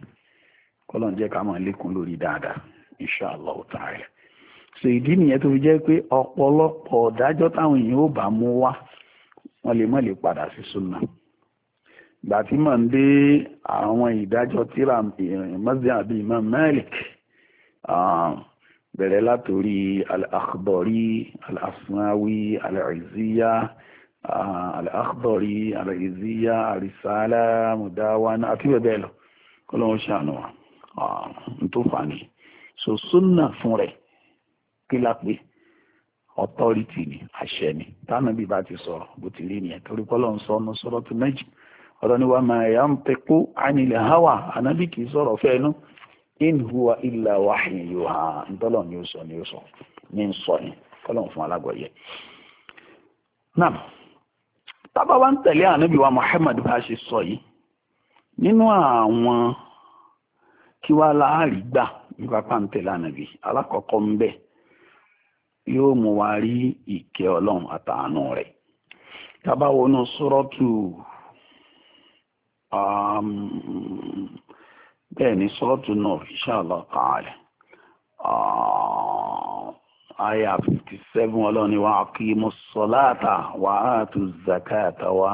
kọ́lọ́n jẹ́ ká máa lékún lórí dáadáa inshallah ta'ala so ìdí nìyẹn tó fi jẹ́ pé ọ̀pọ̀lọpọ̀ ọ̀dájọ́ táwọn èèyàn ò bá mú wá wọ́n lè má lè padà sí súnà ìgbà tí mò ń dé àwọn ìdájọ́ tíra eh, mọ́sídẹ̀ àbí Imam Malik bẹ̀rẹ̀ látòrí al-Akhdari al-Asmawi al-Izziya al-Akhdari al-Izziya al-Risala àti bẹ́ẹ̀ bẹ́ẹ̀ lọ kọ́lọ́wọ́ ṣàánú wa n tó fà ní so fún rẹ̀ kí lápẹ́ authority ni àṣẹ ni tánàbí bá ti bó ti rí nìyẹn torí pé Ọlọ́run sọ ọ́nà sọ́rọ́ tó méjì ọ̀rọ̀ ni wà máa yà ń tẹ́kọ́ ánilẹ̀ hawa ànábì kì í sọ̀rọ̀ fẹ́ fún náà tábà ń tẹ̀lé ànábì wa Muhammad bá ṣe sọ yìí nínú àwọn kí wàá láàrí gbà nípa pàǹtẹ̀lẹ̀ yóò mú wa rí ìkẹ́ ọlọ́run àtàánú rẹ̀ tábà wọnú sọ́rọ́tù um, bẹ́ẹ̀ ni sọ́rọ́tù náà inṣàlá kààlẹ̀ aya fifty seven ọlọ́ni wa aqimu sọ́láàtà wa atu zakata wa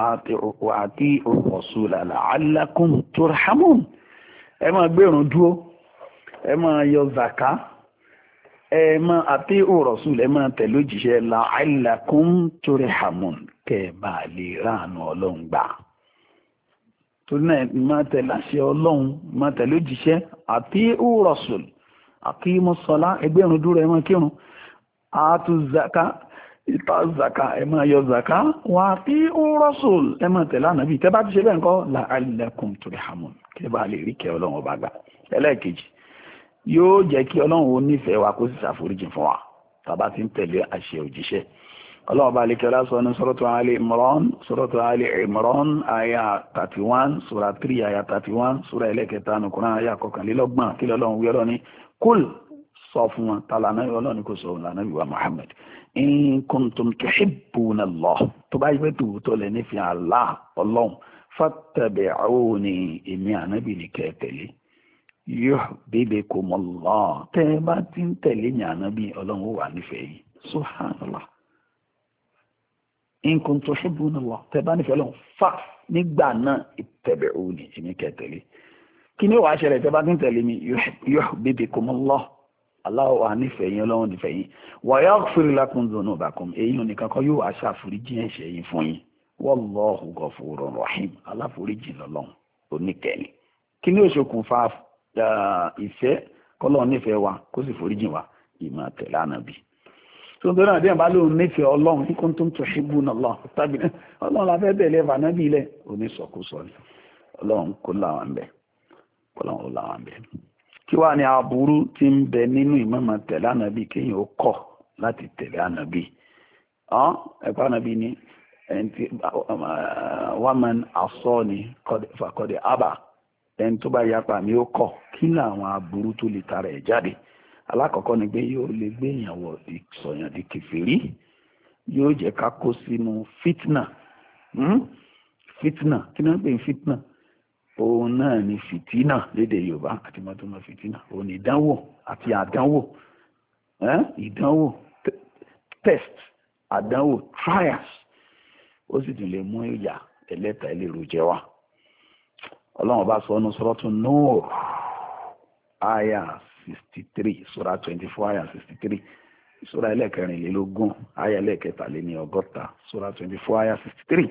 ati rasula la'allakum turhamun ẹ máa gbẹ̀rún dúró ẹ máa yọ zaka ẹ mọ àti òrọ̀sùn lẹ mọ tẹ̀lé òjíṣẹ́ la àìlàkùn torí hamun kẹ bá a lè ránu ọlọ́run gbà torí náà mọ tẹ̀lé àṣẹ ọlọ́run mọ tẹ̀lé òjíṣẹ́ àti òrọ̀sùn àti mọ́sọ́lá ẹgbẹ́ irun dúró ẹ mọ kírun àtú zaka ìta zaka ẹ mọ yọ zaka wà àti òrọ̀sùn ẹ mọ tẹ̀lé ànábì tẹ bá ti ṣe bẹ́ẹ̀ ńkọ́ la àìlàkùn torí hamun kẹ bá a lè rí kẹ ọlọ́run ọba gbà ẹlẹ́ẹ̀kejì yóò jẹ́ kí ọlọ́run ó nífẹ̀ẹ́ wa kó sì ṣàforíjì fún wa tàbá ti ń tẹ̀lé àṣẹ òjíṣẹ́ ọlọ́run bá lékẹ́ lásọ ní suratu Ali Imran suratu Ali Imran aya 31 sura 3 aya 31 sura ẹlẹ́kẹta nùkúrán aya kọkànlélọ́gbọ̀n kí lọ́lọ́run wí ọlọ́ni kúl sọ fún wọn tààlà náà ọlọ́run kò sọ ọ̀nà ìwà Muhammad in kuntum tuhibbuna Allah tó bá yẹ tòótọ́ lẹ́ nífẹ̀ẹ́ Allah ọlọ́run fattabi'uni èmi ànábì ní kẹ́ẹ̀tẹ̀lé yuhbibkumullah tẹ́ ẹ bá ti ń tẹ̀lé yànnà bí ọlọ́run ó wà nífẹ̀ẹ́ yìí subhanallah in kuntum tuhibbunallah tẹ́ ẹ bá nífẹ̀ẹ́ ọlọ́run fà nígbà náà ittabi'uni èmi kẹ́ tẹ̀lé kí ni wàá ṣẹlẹ̀ tẹ́ bá ti ń tẹ̀lé mi yuhbibkumullah aláwọ̀ ànífẹ̀yìn ọlọ́run nífẹ̀yìn wa yaghfir lakum dhunubakum èyí nìkan kan yóò wá ṣàforíjì ẹ̀ṣẹ̀ yín fún yín wallahu ghafurur rahim aláforíjì kí ni ó ṣokùnfà ìfẹ́ kọ́lọ́run nífẹ̀ẹ́ wa kó sì foríjìn wa ìmọ̀ tẹ̀lé ànábì tó ń tó náà díẹ̀ bá lóun nífẹ̀ẹ́ ọlọ́run ní kuntum tuhibbuna Allah tàbí ọlọ́run afẹ́ bẹ̀lẹ̀ fànábì ilẹ̀ oníṣọ̀kúsọ ni ọlọ́run kó làwọn ń bẹ ọlọ́run ó làwọn ń bẹ kí wàá ní aburú tí ń bẹ nínú ìmọ̀mọ̀ tẹ̀lé ànábì kéèyàn ó kọ̀ láti tẹ̀lé ànábì ẹ̀kọ́ ànábì ni wàmán asọ́ ni fàkọ́dẹ̀ àbà ẹni tó bá yapa mi ó kọ̀ kí ni àwọn aburú tó lè tara ẹ̀ jáde alákọ̀ọ́kọ́ ni pé yóò lè gbé ìyàwó sọ̀yàn di kèfèrí yóò jẹ́ ká kó sínú fitna hmm? fitna kí ni wọ́n pè ní fitna òun náà ni fitina lédè Yorùbá àti mọ́tòmọ́ fitina òun ni ìdánwò àti àdánwò ìdánwò test àdánwò trials ó sì tún lè mú ìyà ẹlẹ́ta ẹlẹ́rú jẹ wá ọlọ́run bá sọ ọ́nà sọ́rọ́tún nóòr àyà 63 sura 24 àyà 63 sura ẹlẹ́kẹrìnlélógún àyà ẹlẹ́kẹtàléní ọgọ́ta sura 24 àyà 63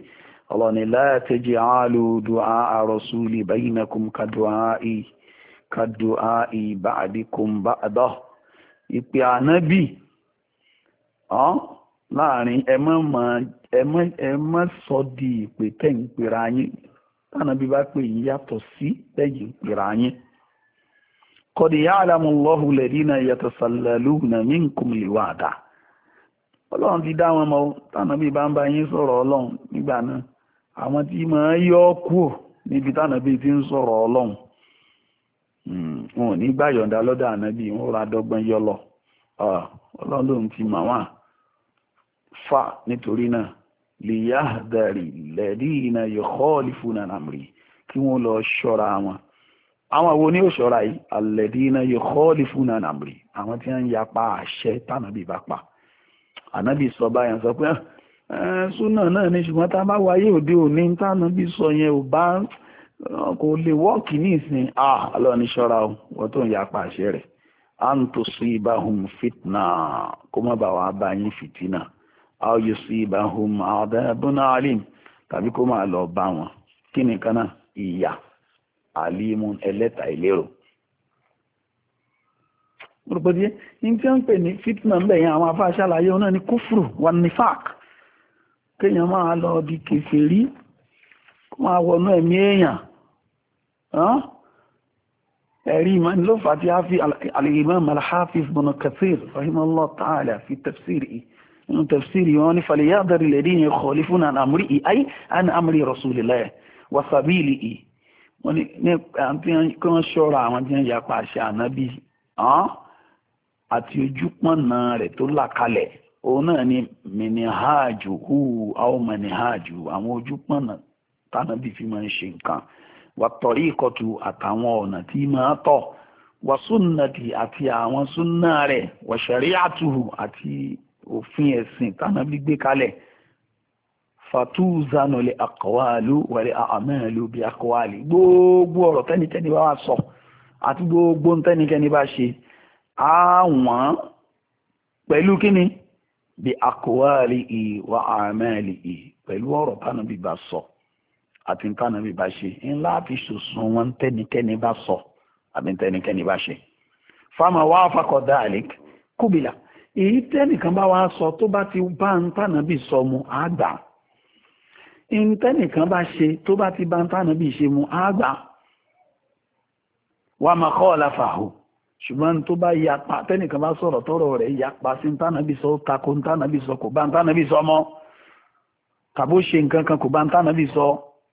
ọlọ́run ni la taj'alu du'a rasuli baynakum kadu'a'i kadu'a'i ba'dikum ba'dah ìpè ànábì láàrin ẹ má sọ di ìpè tẹ́ ń pera yín tánàbí bá pè yín yàtọ̀ sí lẹ́yìn ìpèrà yín kọ̀dí yá àlámù lọ́hùn lẹ́rí náà yàtọ̀ sàlẹ̀lú náà ní nǹkan lè wà dá ọlọ́run ti dá wọn mọ́ tánàbí bá ń bá yín sọ̀rọ̀ ọlọ́run nígbà náà àwọn tí máa yọ ọ́ kúrò níbi tánàbí ti ń sọ̀rọ̀ ọlọ́run hmm, wọn ò ní gbà yọ̀ǹda lọ́dọ̀ ànábì wọn ra dọ́gbọ́n yọ lọ ah, ọlọ́run lòun ti mà wá fà nítorí náà liyahdari lẹ́dínà yukhalifuna amri kí wọ́n lọ ṣọ́ra wọn àwọn wo ni ó ṣọ́ra yìí alẹ́dínà yukhalifuna amri àwọn tí wọ́n ń yapa àṣẹ tànàbí bá pa ànábì sọ báyẹn sọ pé súnà náà ni ṣùgbọ́n tá a bá wáyé òde òní tànàbí sọ yẹn ò bá kò lè wọ́ọ̀kì ní ìsìn àlọ́ ah, wọn tó ń yapa àṣẹ rẹ̀ à ń tó sí ibà hùn fitna kó má bàa wà á bá yín fìtínà aw yusibahum adabun alim tàbí kó máa lọ bá wọn kí nìkan náà ìyà alimun ẹlẹ́ta ìlérò rògbòdìyẹ ní tí wọ́n ń pè ní fitna ń bẹ̀ yẹn àwọn afáṣàlàyé náà ní kúfùrù wà ní fák kéèyàn máa lọ di kèfèrí kó máa wọnú ẹ̀mí èèyàn ẹ̀rí ìmọ̀ni ló fà á fi al-imam al-hafiz ibn ta'ala fi tafsir yìí nínú tafsiri wọn ní falẹ̀ yá àdárí lẹ́dí yẹn kọ̀ọ̀lì fún an amúrí ì ayé an amúrí rasulillah wasabili ì wọ́n ní kí wọ́n ṣọ́ra àwọn tí wọ́n yapa àṣẹ ànábì ah, àti ojúpọ̀nà rẹ̀ tó là kalẹ̀ òun náà ni mìnìháàjù hù àwọn mìnìháàjù àwọn ojúpọ̀nà tánàbì fi máa ń ṣe nǹkan wàtọ̀rí ìkọtù àtàwọn ọ̀nà tí máa tọ̀ wàsúnnàtì àti àwọn súnnà rẹ̀ wàṣẹ̀rí àtùhù àti òfin ẹ̀sìn tánàbí gbé kalẹ̀ fatuzanu le akọwalu wẹ̀rẹ̀ àmẹ́lú bí akọwali gbogbo ọ̀rọ̀ tẹ́nikẹ́ni bá wá sọ àti gbogbo tẹ́nikẹ́ni bá ṣe àwọn pẹ̀lú kíni bí akọwali ìyí wà àmẹ́lì ìyí pẹ̀lú ọ̀rọ̀ tánàbí bá sọ àti tánàbí bá ṣe ńlá fi ṣòṣùn wọn tẹ́nikẹ́ni bá sọ àti tẹ́nikẹ́ni bá ṣe fáwọn wá fakọ̀ dáàlì kúbìlà èyí tẹ́nìkan bá wá sọ tó bá ti bá ń tànàbì sọ mu àgbà èyí tẹ́nìkan bá ṣe tó bá ti bá ń tànàbì ṣe mu àgbà wà máa kọ́ ọ̀la fàáhù ṣùgbọ́n tó bá yapa tẹ́nìkan bá sọ̀rọ̀ tọ́rọ̀ rẹ̀ yapa sí tànàbì sọ tako tànàbì sọ kò bá tànàbì sọ mọ́ tàbó ṣe nǹkan kan kò bá tànàbì sọ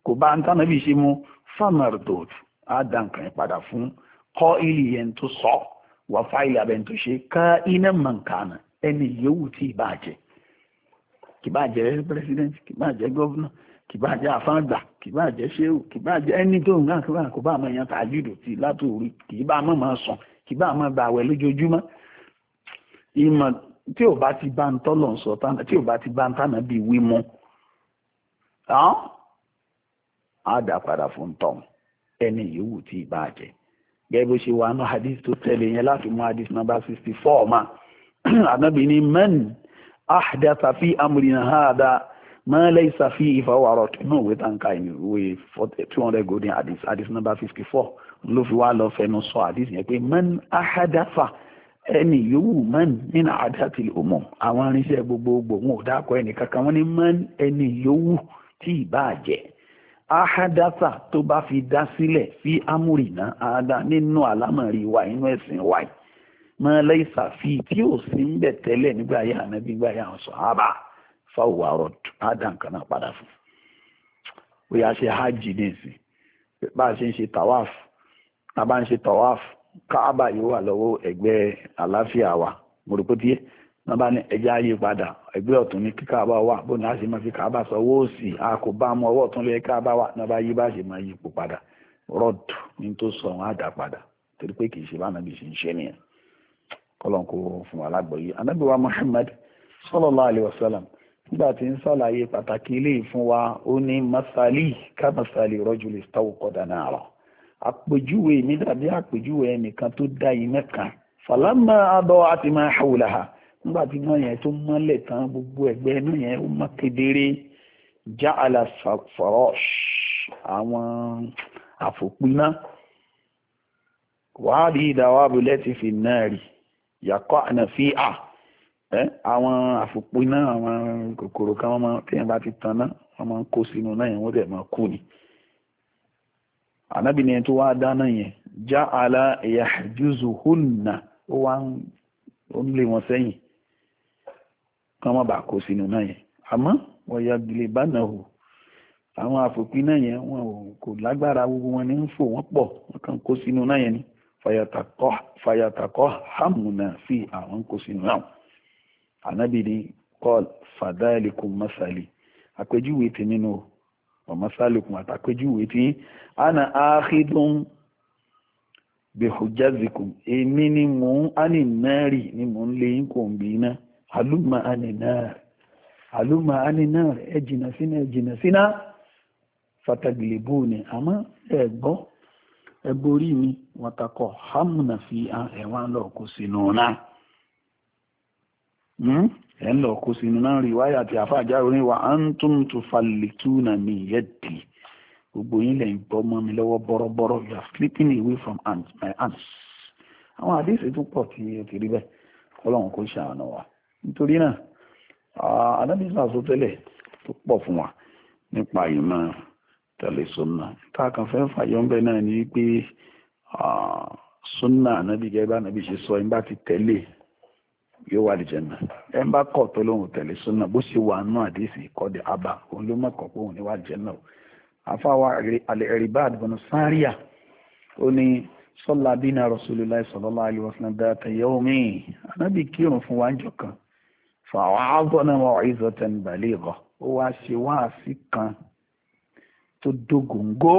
kò bá tànàbì ṣe mu fámàrdòd á dá nǹkan padà fún kọ́ ìlì yẹn tó sọ wà fáìlì abẹ́ntóṣe ká iná mọ̀nkánà ẹni yòówù tí ì bá jẹ́ kì bá jẹ́ pírẹsidẹ́ntì kì bá jẹ́ gọ́vnà kì bá jẹ́ afáǹgbà kì bá jẹ́ ṣéwù kì bá jẹ́ ẹni tó ń kí bá kó bá mọ̀ èèyàn tàjúdò tí látòrí kì bá mọ̀ mọ̀ sùn kì bá mọ̀ gbàwẹ̀ lójoojúmọ́ ìmọ̀ tí ò bá ti bá ń tọ́lọ̀ ń sọ tánà tí ò bá ti bá ń tánà bíi wí mú á dà padà fún tọ̀ ẹni yòówù tí ì bá gẹ́gẹ́ bó ṣe wà nù hadith tó tẹ̀lé yẹn láti mú hadith number sixty four ma ànábì ní man Ahda safi amrina hadha ma laysa fi ìfọwọ́rọ̀ nù wí tànká ìní ìwé two hundred golden hadith hadith number fifty four ló fi wá lọ fẹnu sọ hadith yẹn pé man ahdatha ẹni yòówù man nínú àdáàtì òmò àwọn irinṣẹ́ gbogbogbò wọn ò dákọ̀ ẹnì kankan wọn ni man ẹni yòówù tí ì bá jẹ́ ahadasa tó bá fi dá sílẹ̀ fi amúrìnà àádá nínú àlámọ̀rí wa inú ẹ̀sìn wa yìí máa fi tí ò sí ń bẹ̀ tẹ́lẹ̀ nígbà yà ànábì nígbà yà àwọn sọ̀hábà fáwọn àrọ̀ nǹkan náà padà fún ṣe hajj nìsí bá a ṣe ń ṣe tawaf a bá ń ṣe tawaf káàbà yóò wa mo rò náà bá ní ẹjẹ́ ayé padà ẹgbẹ́ ọ̀tún ní kí káàbá wà bó ní a ṣe máa fi káàbá sọ owó òsì a kò bá mọ ọwọ́ ọ̀tún lóye káàbá wà náà bá yí bá ṣe máa yípo padà rọ́ọ̀dù ní tó sọ wọn àdá padà torí pé kì í ṣe báwọn àbí ṣe ń ṣe nìyẹn kọlọ́n kó fún wa lágbọ̀ọ́yé anábì wa Muhammad sallallahu alayhi wa sallam nígbà tí ń sàlàyé pàtàkì ilé ìfún wa ó ní masali ká masali rajuli istawqada nara àpèjúwe mi dàbí àpèjúwe ẹnìkan tó nígbà tí iná yẹn tó mọ́lẹ̀ tán gbogbo ẹ̀gbẹ́ inú yẹn ó mọ́ kedere já àlà fọ̀rọ̀ṣ àwọn àfòpiná wàá rí ìdáwọ́ abúlé ti fi náà rí yàkọ́ ànàfíà àwọn àfòpiná àwọn kòkòrò kan wọ́n máa téèyàn bá ti tan náà wọ́n máa ń kó sínú náà yẹn wọ́n dẹ̀ máa kú ni ànábì ni tó wá dáná yẹn já àlà ìyàjúzù hùnà ó wá ń lé wọn sẹ́yìn kán má bàa kó sínú náà yẹn àmọ́ wọ́n ya gilé bánà o àwọn àfòpin náà yẹn wọn ò kò lágbára gbogbo wọn ní ń fò wọ́n pọ̀ wọ́n kàn kó sínú náà yẹn ni fayatakọ́ hamuna fi àwọn kó sínú náà ànábì ni kọ́ọ̀l fàdáìlìkùn masali àpèjúwe ti nínú ọ̀mọ́sálìkùn àtàpèjúwe ti ana áhídùn bihujjazikum èmi ni mò ń ánì náà ni mò ń lé yín kò ń bí náà àlùmọ̀ ànìná àlùmọ̀ ànìná ẹ jìnà síná ẹ jìnà síná fatagilebo ni àmọ́ ẹ gbọ́ ẹ borí mi wọn takọ hamuna fi ẹ̀wọ̀n lọ kó sínú náà ẹ̀ ń lọ kó sínú náà rí wáyà àti àfáàjà orin wa antum tufalituna min yadi gbogbo yín lẹ́yìn bọ́ mọ́ mi lọ́wọ́ bọ́rọ́bọ́rọ́ you are slipping away from my hands àwọn àdéhùn tó pọ̀ tí o ti rí bẹ́ẹ̀ ọlọ́run kò ṣàánú wa nítorí náà anábì sọ àsọtẹ́lẹ̀ tó pọ̀ fún wa nípa ìmọ̀ tẹ̀lé sunna tá a kàn fàyọ ń náà ni pé sunna anábì gẹ́gẹ́ bá anábì ṣe sọ ẹ̀ bá ti tẹ̀lé yóò wà lìjẹ náà ẹ ń bá kọ̀ tó lóhùn tẹ̀lé súnà bó ṣe wà nù àdéhìsì ìkọ́dẹ àbá òun ló mọ̀kàn pé òun ní wà lìjẹ náà àfáwa àlẹ́rìbá àdìbọ̀nà sáríà ó ní sọ́lá bínú rasulillah sallallahu alaihi wasallam dáa tẹ̀yẹ́ omi anábì kírun fún wa ń jọ kan fàwáàbọ̀nà mọ̀ọ́ìzọ̀tẹ̀ ìbàlẹ̀gọ̀ ó wá ṣe wáàsí kan tó dógóńgó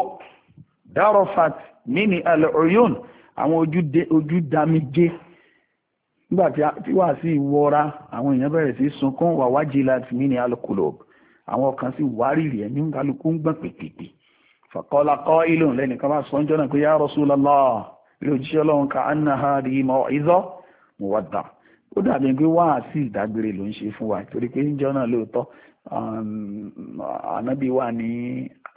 darofat mini al àwọn ojú damijé nígbà tí wáàsí ìwọra àwọn èèyàn bẹ̀rẹ̀ sí sunkún wà wajilat mini al àwọn kan sì wárìrì ẹ̀mí ń kálukú ń gbọ̀n lẹ́nìkan bá sọ ń jọ́nà pé ya Rasulallah ilé òjíṣẹ́ ọlọ́run ka anna hadihi maw'iza ó dàbí pé wáàsí ìdágbére ló ń ṣe fún wa torí pé níjọ́ náà lóòótọ́ um, ànábì wà ní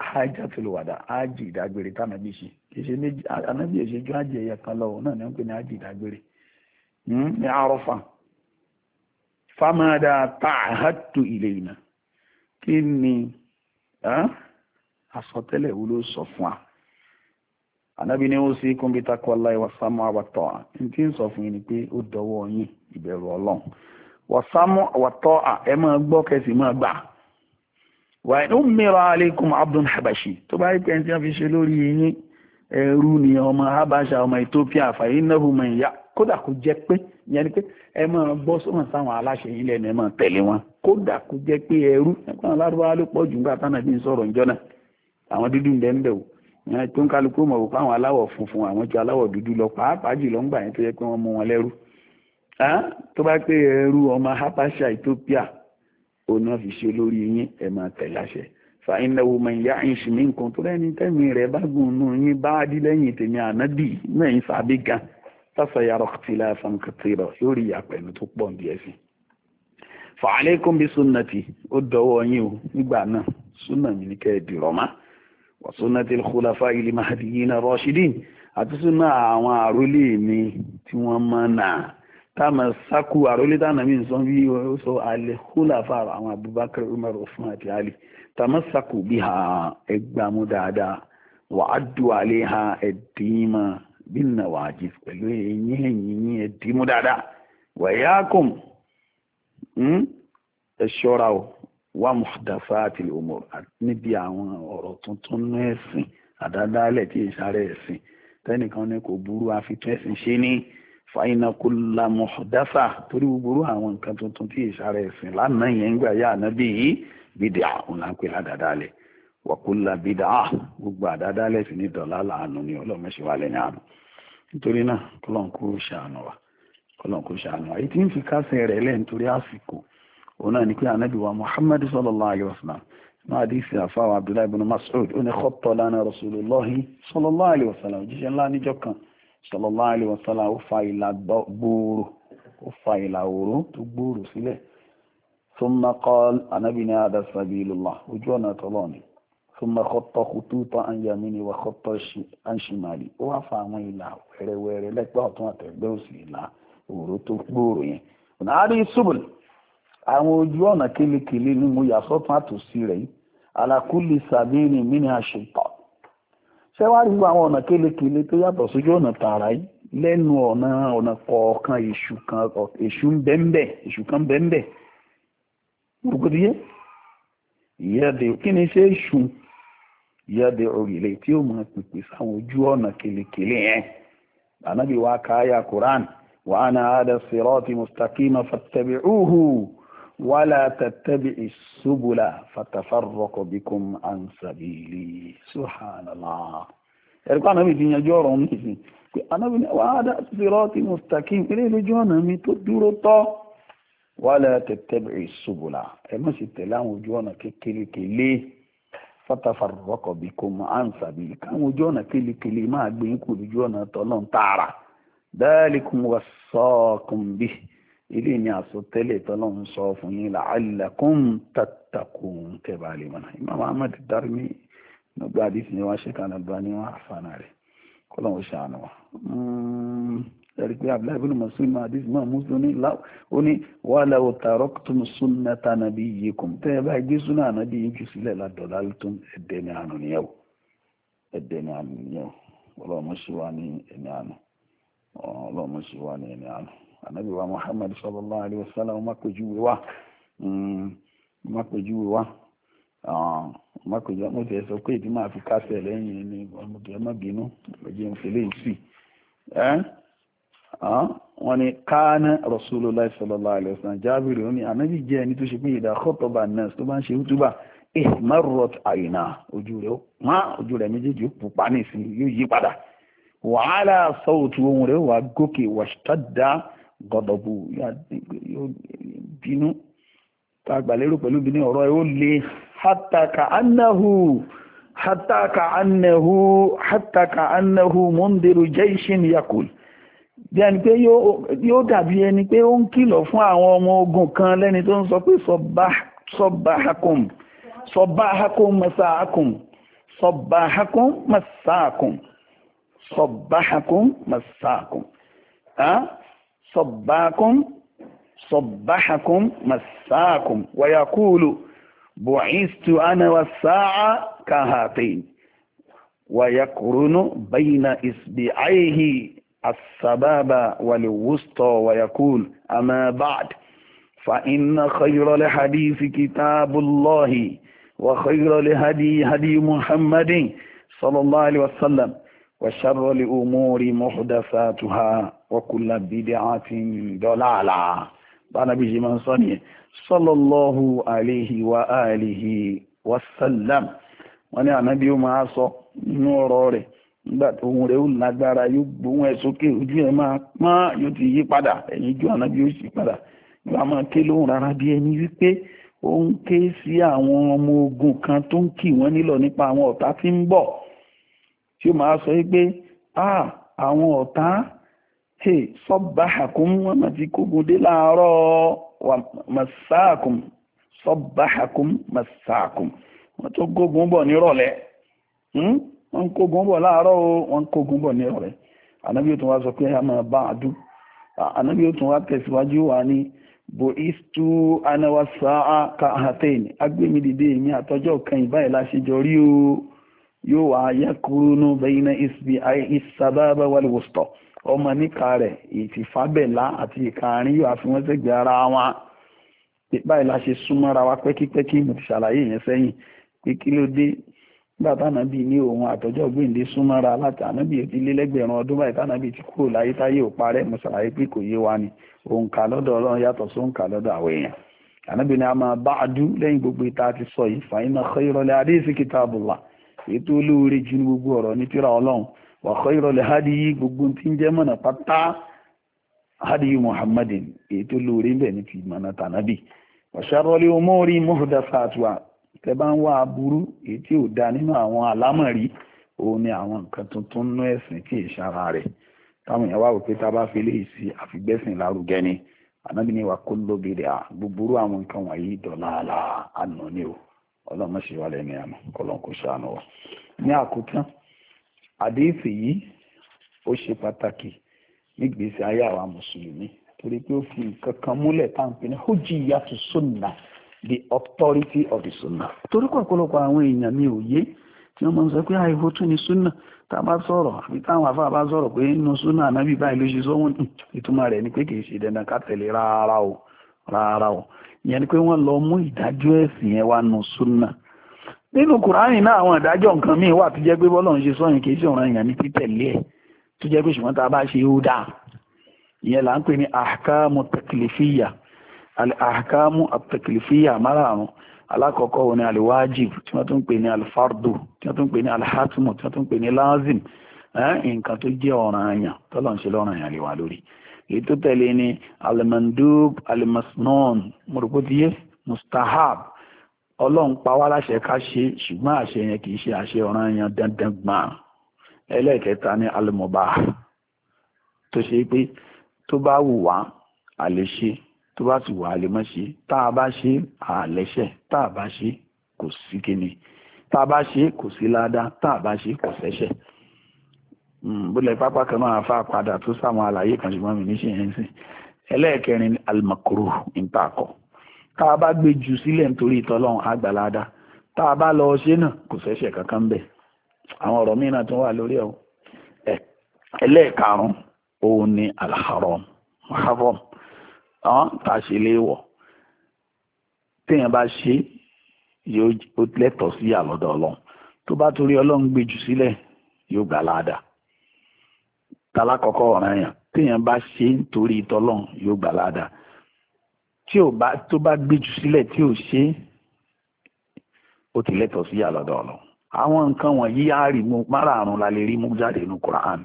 hajjatul wada ájì ìdágbére tánàbí ṣe kì í ṣe méjì ànábì ìṣẹ́jú ájì ẹ̀yẹ kan lọ́wọ́ náà ni wọ́n pè ní ájì ìdágbére hmm, ní àrọ́fà fámádà tààhátù ilé ìnà kí ni àsọtẹ́lẹ̀ wo ló sọ fún wa ànábì ní ó sì kún bí takọ aláì wàsámù àwàtọ à ń tí ń sọ fún yín ni pé ó dọwọ́ yín ìbẹ̀rù Ọlọ́run wàsámù àwàtọ à ẹ máa gbọ́ kẹsì máa gbà wà ní ó mìíràn abdul habashi tó bá rí pé ẹni tí wọn fi ṣe lórí yín ẹrú ni ọmọ habasha ọmọ ethiopia fàyín náà hùmọ ìyá kódà kó jẹ́ pé ìyẹn ni pé ẹ máa gbọ́ sọmọ sáwọn aláṣẹ yín lẹ́nu ẹ máa tẹ̀lé wọn kódà kó jẹ́ pé ẹrú ẹgbẹ́ àwọn alárúbáwá ló pọ̀ jù nígbà táwọn ẹbí ń sọ̀rọ̀ níjọ́ náà àwọn dúdú ń ń bẹ wò yẹn tó ń kálukú mọ̀ wípé àwọn aláwọ̀ funfun àwọn ju aláwọ̀ dúdú lọ pàápàá jùlọ ńgbà yẹn tó yẹ pé wọ́n mú wọn lẹ́rú tó bá pé ẹrú ọmọ Habasha Ethiopia òun náà fi ṣe lórí yín ẹ máa tẹ̀lé àṣẹ fàyínnáwó mẹ̀yà ìṣìmí nǹkan tó lẹ́ni tẹ́mi rẹ̀ bá gùn nù yín bá dí lẹ́yìn tèmi ànábì mẹ́yìn sàbí gan sàfẹ̀yàrọ̀ tìlà fàǹkàtìrọ̀ yóò ìyàpẹ̀nu tó pọ̀ ní ẹ̀sìn. fàálẹ́kùn bí sunnati ó dọwọ́ yín o nígbà náà sunna mi kẹ́ ẹ dìrọ̀ máa wa sunnatil khulafa'il mahdiyyin rashidin àti súnà àwọn àrólé mi tí wọ́n mọ̀ náà táàmù sákú àrólé dáná mi sọ bí ó sọ alẹ́ khulafa àwọn Abubakar Umar Usman àti Ali táàmù sákú bí ha ẹgbàmú dáadáa wà á dù alẹ́ ha ẹ̀dínmá bí nà wà á jì pẹ̀lú ẹ̀yìn ẹ̀yìn ẹ̀dínmú dáadáa wà yá kùn ẹ ṣọ́ra o wà muhdathatil umur níbi àwọn ọ̀rọ̀ tuntun ní ẹ̀sìn àdádálẹ̀ tí ìsàrẹ̀ ẹ̀sìn tẹ́nìkan ní kò burú àfitún ẹ̀sìn ṣe ní fàyínà kò la muhdatha torí gbogbo àwọn nǹkan tuntun tí ìsàrẹ̀ ẹ̀sìn lánàá yẹn ń gbà yá ànábì yìí bídà òun là ń pè ládàádálẹ̀ wa kulla bídà gbogbo àdádálẹ̀ sì ní dọ̀lá làánú ni ọlọ́mọṣẹ́wálẹ̀ ní àná nítorí náà kọ́lọ́n ṣàánú wa kọ́lọ́n ṣàánú wa èyí òun náà ni pé ànábì wa muhammad sallallahu alayhi wa sallam náà àdìsí àfáwà abdullahi ibn mas'ud ó ní khatta lana rasulullahi sallallahu alayhi wa sallam òjíṣẹ́ ńlá níjọ́ kan sallallahu alayhi wa sallam ó fa ìlà gbòòrò ó fa ìlà òòrò tó gbòòrò sílẹ̀ thumma qala ànábì ní hadha sabilullah ojú ọ̀nà tọ́lọ́ ni thumma khatta khututan an yamini wa khatta an shimali ó wá fa àwọn ìlà wẹ́rẹ́wẹ́rẹ́ lẹ́gbẹ́ ọ̀tún àtẹ̀gbẹ́ òsì ìlà òòrò tó gbòòrò yẹn ọ̀nà àárín subul àwọn ojú ọ̀nà kélekèlé ni mo yà sọ́tún àtòsí rẹ̀ yìí àlàkùlì sàbíìnì mí ni àṣepọ̀ ṣé wàá rí àwọn ọ̀nà kélekèlé tó yàtọ̀ sójú ọ̀nà tààrà yìí lẹ́nu ọ̀nà ọ̀nà kọ̀ọ̀kan èṣù kan èṣù bẹ́ńbẹ́ èṣù kan bẹ́ńbẹ́ rògbòdìyẹ ìyáde kí ni ṣe èṣù ìyáde òrìlè tí ó máa pèpè sáwọn ojú ọ̀nà kélekèlé yẹn ànábì wa káyà Quran wa ana hada sirati mustaqima fattabi'uhu ولا تتبع السبل فتفرق بكم عن سبيلي سبحان الله يعني كان نبي دين جورو نيسي انا بن وعد صراط مستقيم الى جوانا مي تدورو ولا تتبع السبل اما يعني ستلام جوانا كيلي كيلي فتفرق بكم عن سبيلي كان جوانا كيلي كيلي ما اقبين كل جوانا تولون تارا ذلكم وصاكم به ilé ní àsọtẹ́lẹ̀ tọ́lọ́ ń sọ fún yín la'allakum tattaqun kẹbà lè mọ̀nà imam ahmed darmi nígbà àdìsí ni wọ́n ṣe kan àgbà ní wọ́n àfààní rẹ̀ kọ́lọ̀ ń ṣàánú wa. Hmm, ẹ̀rí pé abdullahi bin muslim àdìsí máa muslim ní láwù ó ní walaw taraktum sunnata nabiyyikum tẹ́ ẹ báyìí gbé súnà ànábì yín jù sílẹ̀ ladallaltum ẹ̀dẹ̀ ní àná nìyẹ̀wò ẹ̀dẹ̀ ní àná nìyẹ̀wò ọlọ́mọ ṣe wá ní ẹ̀ní àná ọlọ́mọ ṣe wá ní ẹ̀ní àná ànábì wa muhammad sallallahu alayhi wa sallam má pèjú wé wá hmm, má pèjú wé wá ah, má pèjú wá mo ti sọ pé ìdí máa fi kásẹ̀ lẹ́yìn ni ọmọdé má bínú lọ́jọ́ ìfẹ́lẹ́ ìsì wọ́n ní káánà rasulullah sallallahu alayhi wa sallam jábìrì ó ní ànábì jẹ́ ẹni tó ṣe pé ìdá khutba nas tó bá ń ṣe hútùbà ihmarot àyìnà ojú rẹ̀ má ojú rẹ̀ méjèèjì pupa ní ìsinmi yóò yí padà wàhálà sọ́ọ̀tù ohun rẹ̀ wà gòkè wàṣítàdá gọ́dọ̀bù bínú tá a gbàlérò pẹ̀lú bínú ọ̀rọ̀ ẹ̀ ó le hátàkà annahu hátàkà annahu hátàkà annahu mundiru jaishin yakul bí ẹni pé yóò dàbí ẹni pé ó ń kìlọ̀ fún àwọn ọmọ ogun kan lẹ́ni tó ń sọ pé sọ̀báhakum sọ̀báhakum masaakum sọ̀báhakum masaakum sọ̀báhakum masaakum. Ah? صباكم صبحكم مساكم ويقول بعثت أنا والساعة كهاتين ويقرن بين إصبعيه السباب والوسطى ويقول أما بعد فإن خير الحديث كتاب الله وخير الهدي هدي محمد صلى الله عليه وسلم وشر الأمور محدثاتها وكل بدعة ضلالة بنبي من صني صلى الله عليه وآله وسلم wọ́n ní ànábí ó máa sọ nínú ọ̀rọ̀ rẹ̀ nígbà tó ohun rẹ̀ ó lágbára yóò gbóhùn ẹ̀ sókè ojú ẹ̀ máa pọ́n ó ń ké ọmọ ogun kan tó ń nílò nípa àwọn tí ó máa sọ wípé àwọn ọ̀tá sọ́bàákùn wọ́n máa ti kógun dé láàárọ̀ màsáàkùn sọ́bàákùn màsáàkùn wọ́n tó kógun bọ̀ nírọ̀lẹ́ hmm? wọ́n kógun bọ̀ láàárọ̀ wọ́n kógun bọ̀ nírọ̀lẹ́ ànábí ó tún wá sọ pé a máa bá àdú ànábí ó tún wá tẹ̀síwájú wà ní bòístú anáwásáà káhàtẹ́ẹ̀nì agbẹ́mídìdé mi àtọ́jọ́ kan ìbáyìí láṣẹjọ rí o yóò wá yẹ́kúrú ní bẹ́yìnà ìsàbábà wàlúwòsítọ̀ ọmọ níka rẹ̀ ìfìfábẹ̀lá àti ìkàrin yóò àfi wọ́n sẹ́gbẹ̀ẹ́ ara wọn báyìí la ṣe súnmọ́ra wa pẹ́kípẹ́kí mo ti ṣàlàyé yẹn sẹ́yìn pé kí ló dé nígbà tánàbí ní òun àtọ́jọ́ gbèǹde súnmọ́ra láti ànábì ti lé lẹ́gbẹ̀rún ọdún báyìí tánàbí ti kúrò láyé táyé ò parẹ́ mo ṣàlàyé pé kò yé wa ni òǹkà lọ́dọ̀ ọlọ́run yàtọ̀ sóǹkà lọ́dọ̀ àwọn èèyàn ànábì ni a máa bá a dú lẹ́yìn gbogbo ìta ti sọ yìí fàyínà khayrul hadisi kitabullah ètò olóore jù ní gbogbo ọ̀rọ̀ ní tírà ọlọ́run wa khayrul hadiyi gbogbo tí ń jẹ́ mọ̀nà pátá hadiyi muhammadin ètò olóore ń bẹ̀ ní ti mọ̀nà tànábì wa sharrul umuri muhdathatuha tẹ́ bá ń wá aburú ètí ò da nínú àwọn àlámọ̀rí òun ni àwọn nǹkan tuntun nú ẹ̀sìn tí ìṣara rẹ̀ táwọn èèyàn wá wò pé tá a bá fi léyìí sí àfigbẹ́sìn lárugẹ ni ànábì ni wa kullu bid'a gbogbo àwọn nǹkan wọ̀nyí dọ̀làlà àná o ọlọ́mọ ṣe wà lẹ́ni àná kọlọ́n kò ṣàánú wa. ní àkótán àdéhìfì yìí ó ṣe pàtàkì nígbèésí ayé àwa mùsùlùmí torí pé ó fi nǹkan kan múlẹ̀ táǹpì ní hujjiyatu sunna the authority of the sunna. torí kọ́ ọ̀pọ̀lọpọ̀ àwọn èèyàn mi ò yé tí wọ́n máa ń sọ pé àìwò tún ni súnà tá a bá sọ̀rọ̀ àbí táwọn afá bá sọ̀rọ̀ pé nínú súnà ànábì báyìí ló ṣe sọ ìtumọ̀ rẹ̀ ni pé kì í ṣe dandan ká tẹ̀lé rárá o rárá o ìyẹn ni pé wọ́n lọ mú ìdájọ́ ẹ̀sìn yẹn wá nu súnà nínú kùránì náà àwọn ìdájọ́ nǹkan míì wà tó jẹ́ pé bọ́lọ̀ ń ṣe sọ́yìn kì í ṣọ̀ràn èèyàn ní títẹ̀lé ẹ̀ tó jẹ́ pé ṣùgbọ́n tá a bá ṣe ó dáa ìyẹn là ń pè ní àhàkámù tẹkìlìfìyà àhàkámù tẹkìlìfìyà márààrún alákọ̀ọ́kọ́ wọn ni aliwajib tí wọ́n tún pè ní alifardo tí wọ́n tún pè ní alhatimu tí wọ́n tún pè ní lazim nǹkan tó jẹ́ ọ̀ràn àyàn tọ́lọ̀ ń ṣe lọ́ràn àyàn lè wà lórí èyí tó tẹ̀lé ni alimandub alimasnon mọ̀rọ̀kọ́tìyẹ mustahab ọlọ́run pa wá láṣẹ ká ṣe ṣùgbọ́n àṣẹ yẹn kì í ṣe àṣẹ ọ̀ranyàn dandan gbọ̀n ẹlẹ́ẹ̀kẹta ni alimoba tó ṣe pé tó bá wù wá a lè ṣe tó bá sì wà a lè tá a bá ṣe a tá a bá ṣe kò sí kíni tá a bá ṣe kò sí ládàá tá a bá ṣe kò sẹ́ṣẹ̀. Hmm, bólẹ̀ pápá kan náà fà padà tó sàmọ́ àlàyé kan ṣùgbọ́n mi ní ṣe yẹn sí ẹlẹ́ẹ̀kẹrin alimakoro níta kọ tá a bá gbé jù sílẹ̀ nítorí ìtọ́lọ́run àgbàládá tá a bá lọ ṣe náà kò sẹ́ṣẹ̀ kankan bẹ̀ àwọn ọ̀rọ̀ mìíràn tó wà lórí ẹ̀ ẹlẹ́ẹ̀karùn-ún òun ni alharam haram àwọn tá a ṣe léèwọ̀ téèyàn bá ṣe yóò lẹ́tọ̀ọ́ sí àlọ́dọ̀ ọlọ́run tó bá torí ọlọ́run gbé jù sílẹ̀ yóò gbà tàlákọ̀ọ́kọ́ ọ̀ràn yàn téèyàn bá ṣe nítorí ìtọ́lọ́n yóò gbà ládàá tí ò bá tó bá gbéjú sílẹ̀ tí ò ṣe ó ti lẹ́tọ̀ọ́ sí àlọ́dọ̀ ọ̀nà àwọn nǹkan wọ̀nyí á rí mú márààrún la lè rí mú jáde nínú Quran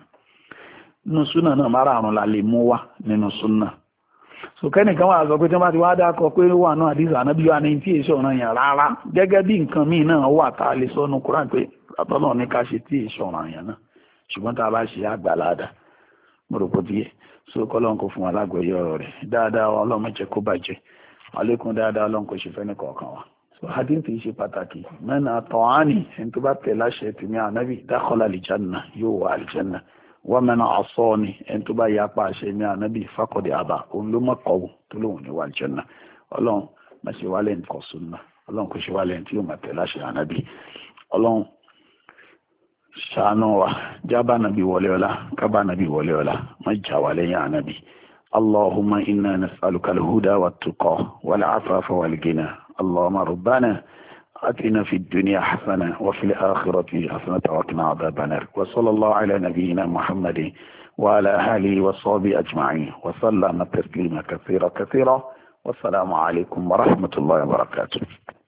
nínú súnà náà márààrún la lè mú wá nínú súnà so kẹ́nìkan wà sọ pé tí wọ́n bá ti wá dákọ̀ pé wà náà àdìsá ànábí wa ní tí èso ọ̀ràn yàn rárá gẹ́gẹ́ bí nǹkan míì náà wà tá a lè sọ Quran pé àtọ́nà ní ká ṣe tí èso ọ̀ràn yàn náà ṣùgbọ́n tá a bá ṣe àgbàládàá mo rò pé díẹ̀ so kọ́lọ́n kò fún wa lágbèyẹ ọ̀rọ̀ rẹ̀ dáadáa wa ọlọ́mọ jẹ́ kó bàjẹ́ àlékún dáadáa ọlọ́run kò ṣe fẹ́ ní kọ̀ọ̀kan wa so hadith yìí ṣe pàtàkì mẹ́nà tọ́hánì ẹni tó bá tẹ̀ láṣẹ tèmi ànábì dákọ́lá àlìjánà yóò wọ àlìjánà wọ́n mẹ́nà ọ̀sọ́ ni ẹni tó bá yapa àṣẹ mi ànábì fákọ̀dé àbá òun tó lóun ní wọ àlìjánà ọlọ́run ṣàánú wa jábà nàbí wọlé ọlá kábà nàbí wọlé ọlá má jà wà lẹ́yìn ànábì اللهم إنا نسألك الهدى والتقى والعفاف والغنى اللهم ربنا آتنا في الدنيا حسنة وفي الآخرة حسنة وقنا عذاب النار وصلى الله على نبينا محمد وعلى آله وصحبه أجمعين وسلم تسليما كثيرا كثيرا والسلام عليكم ورحمة الله وبركاته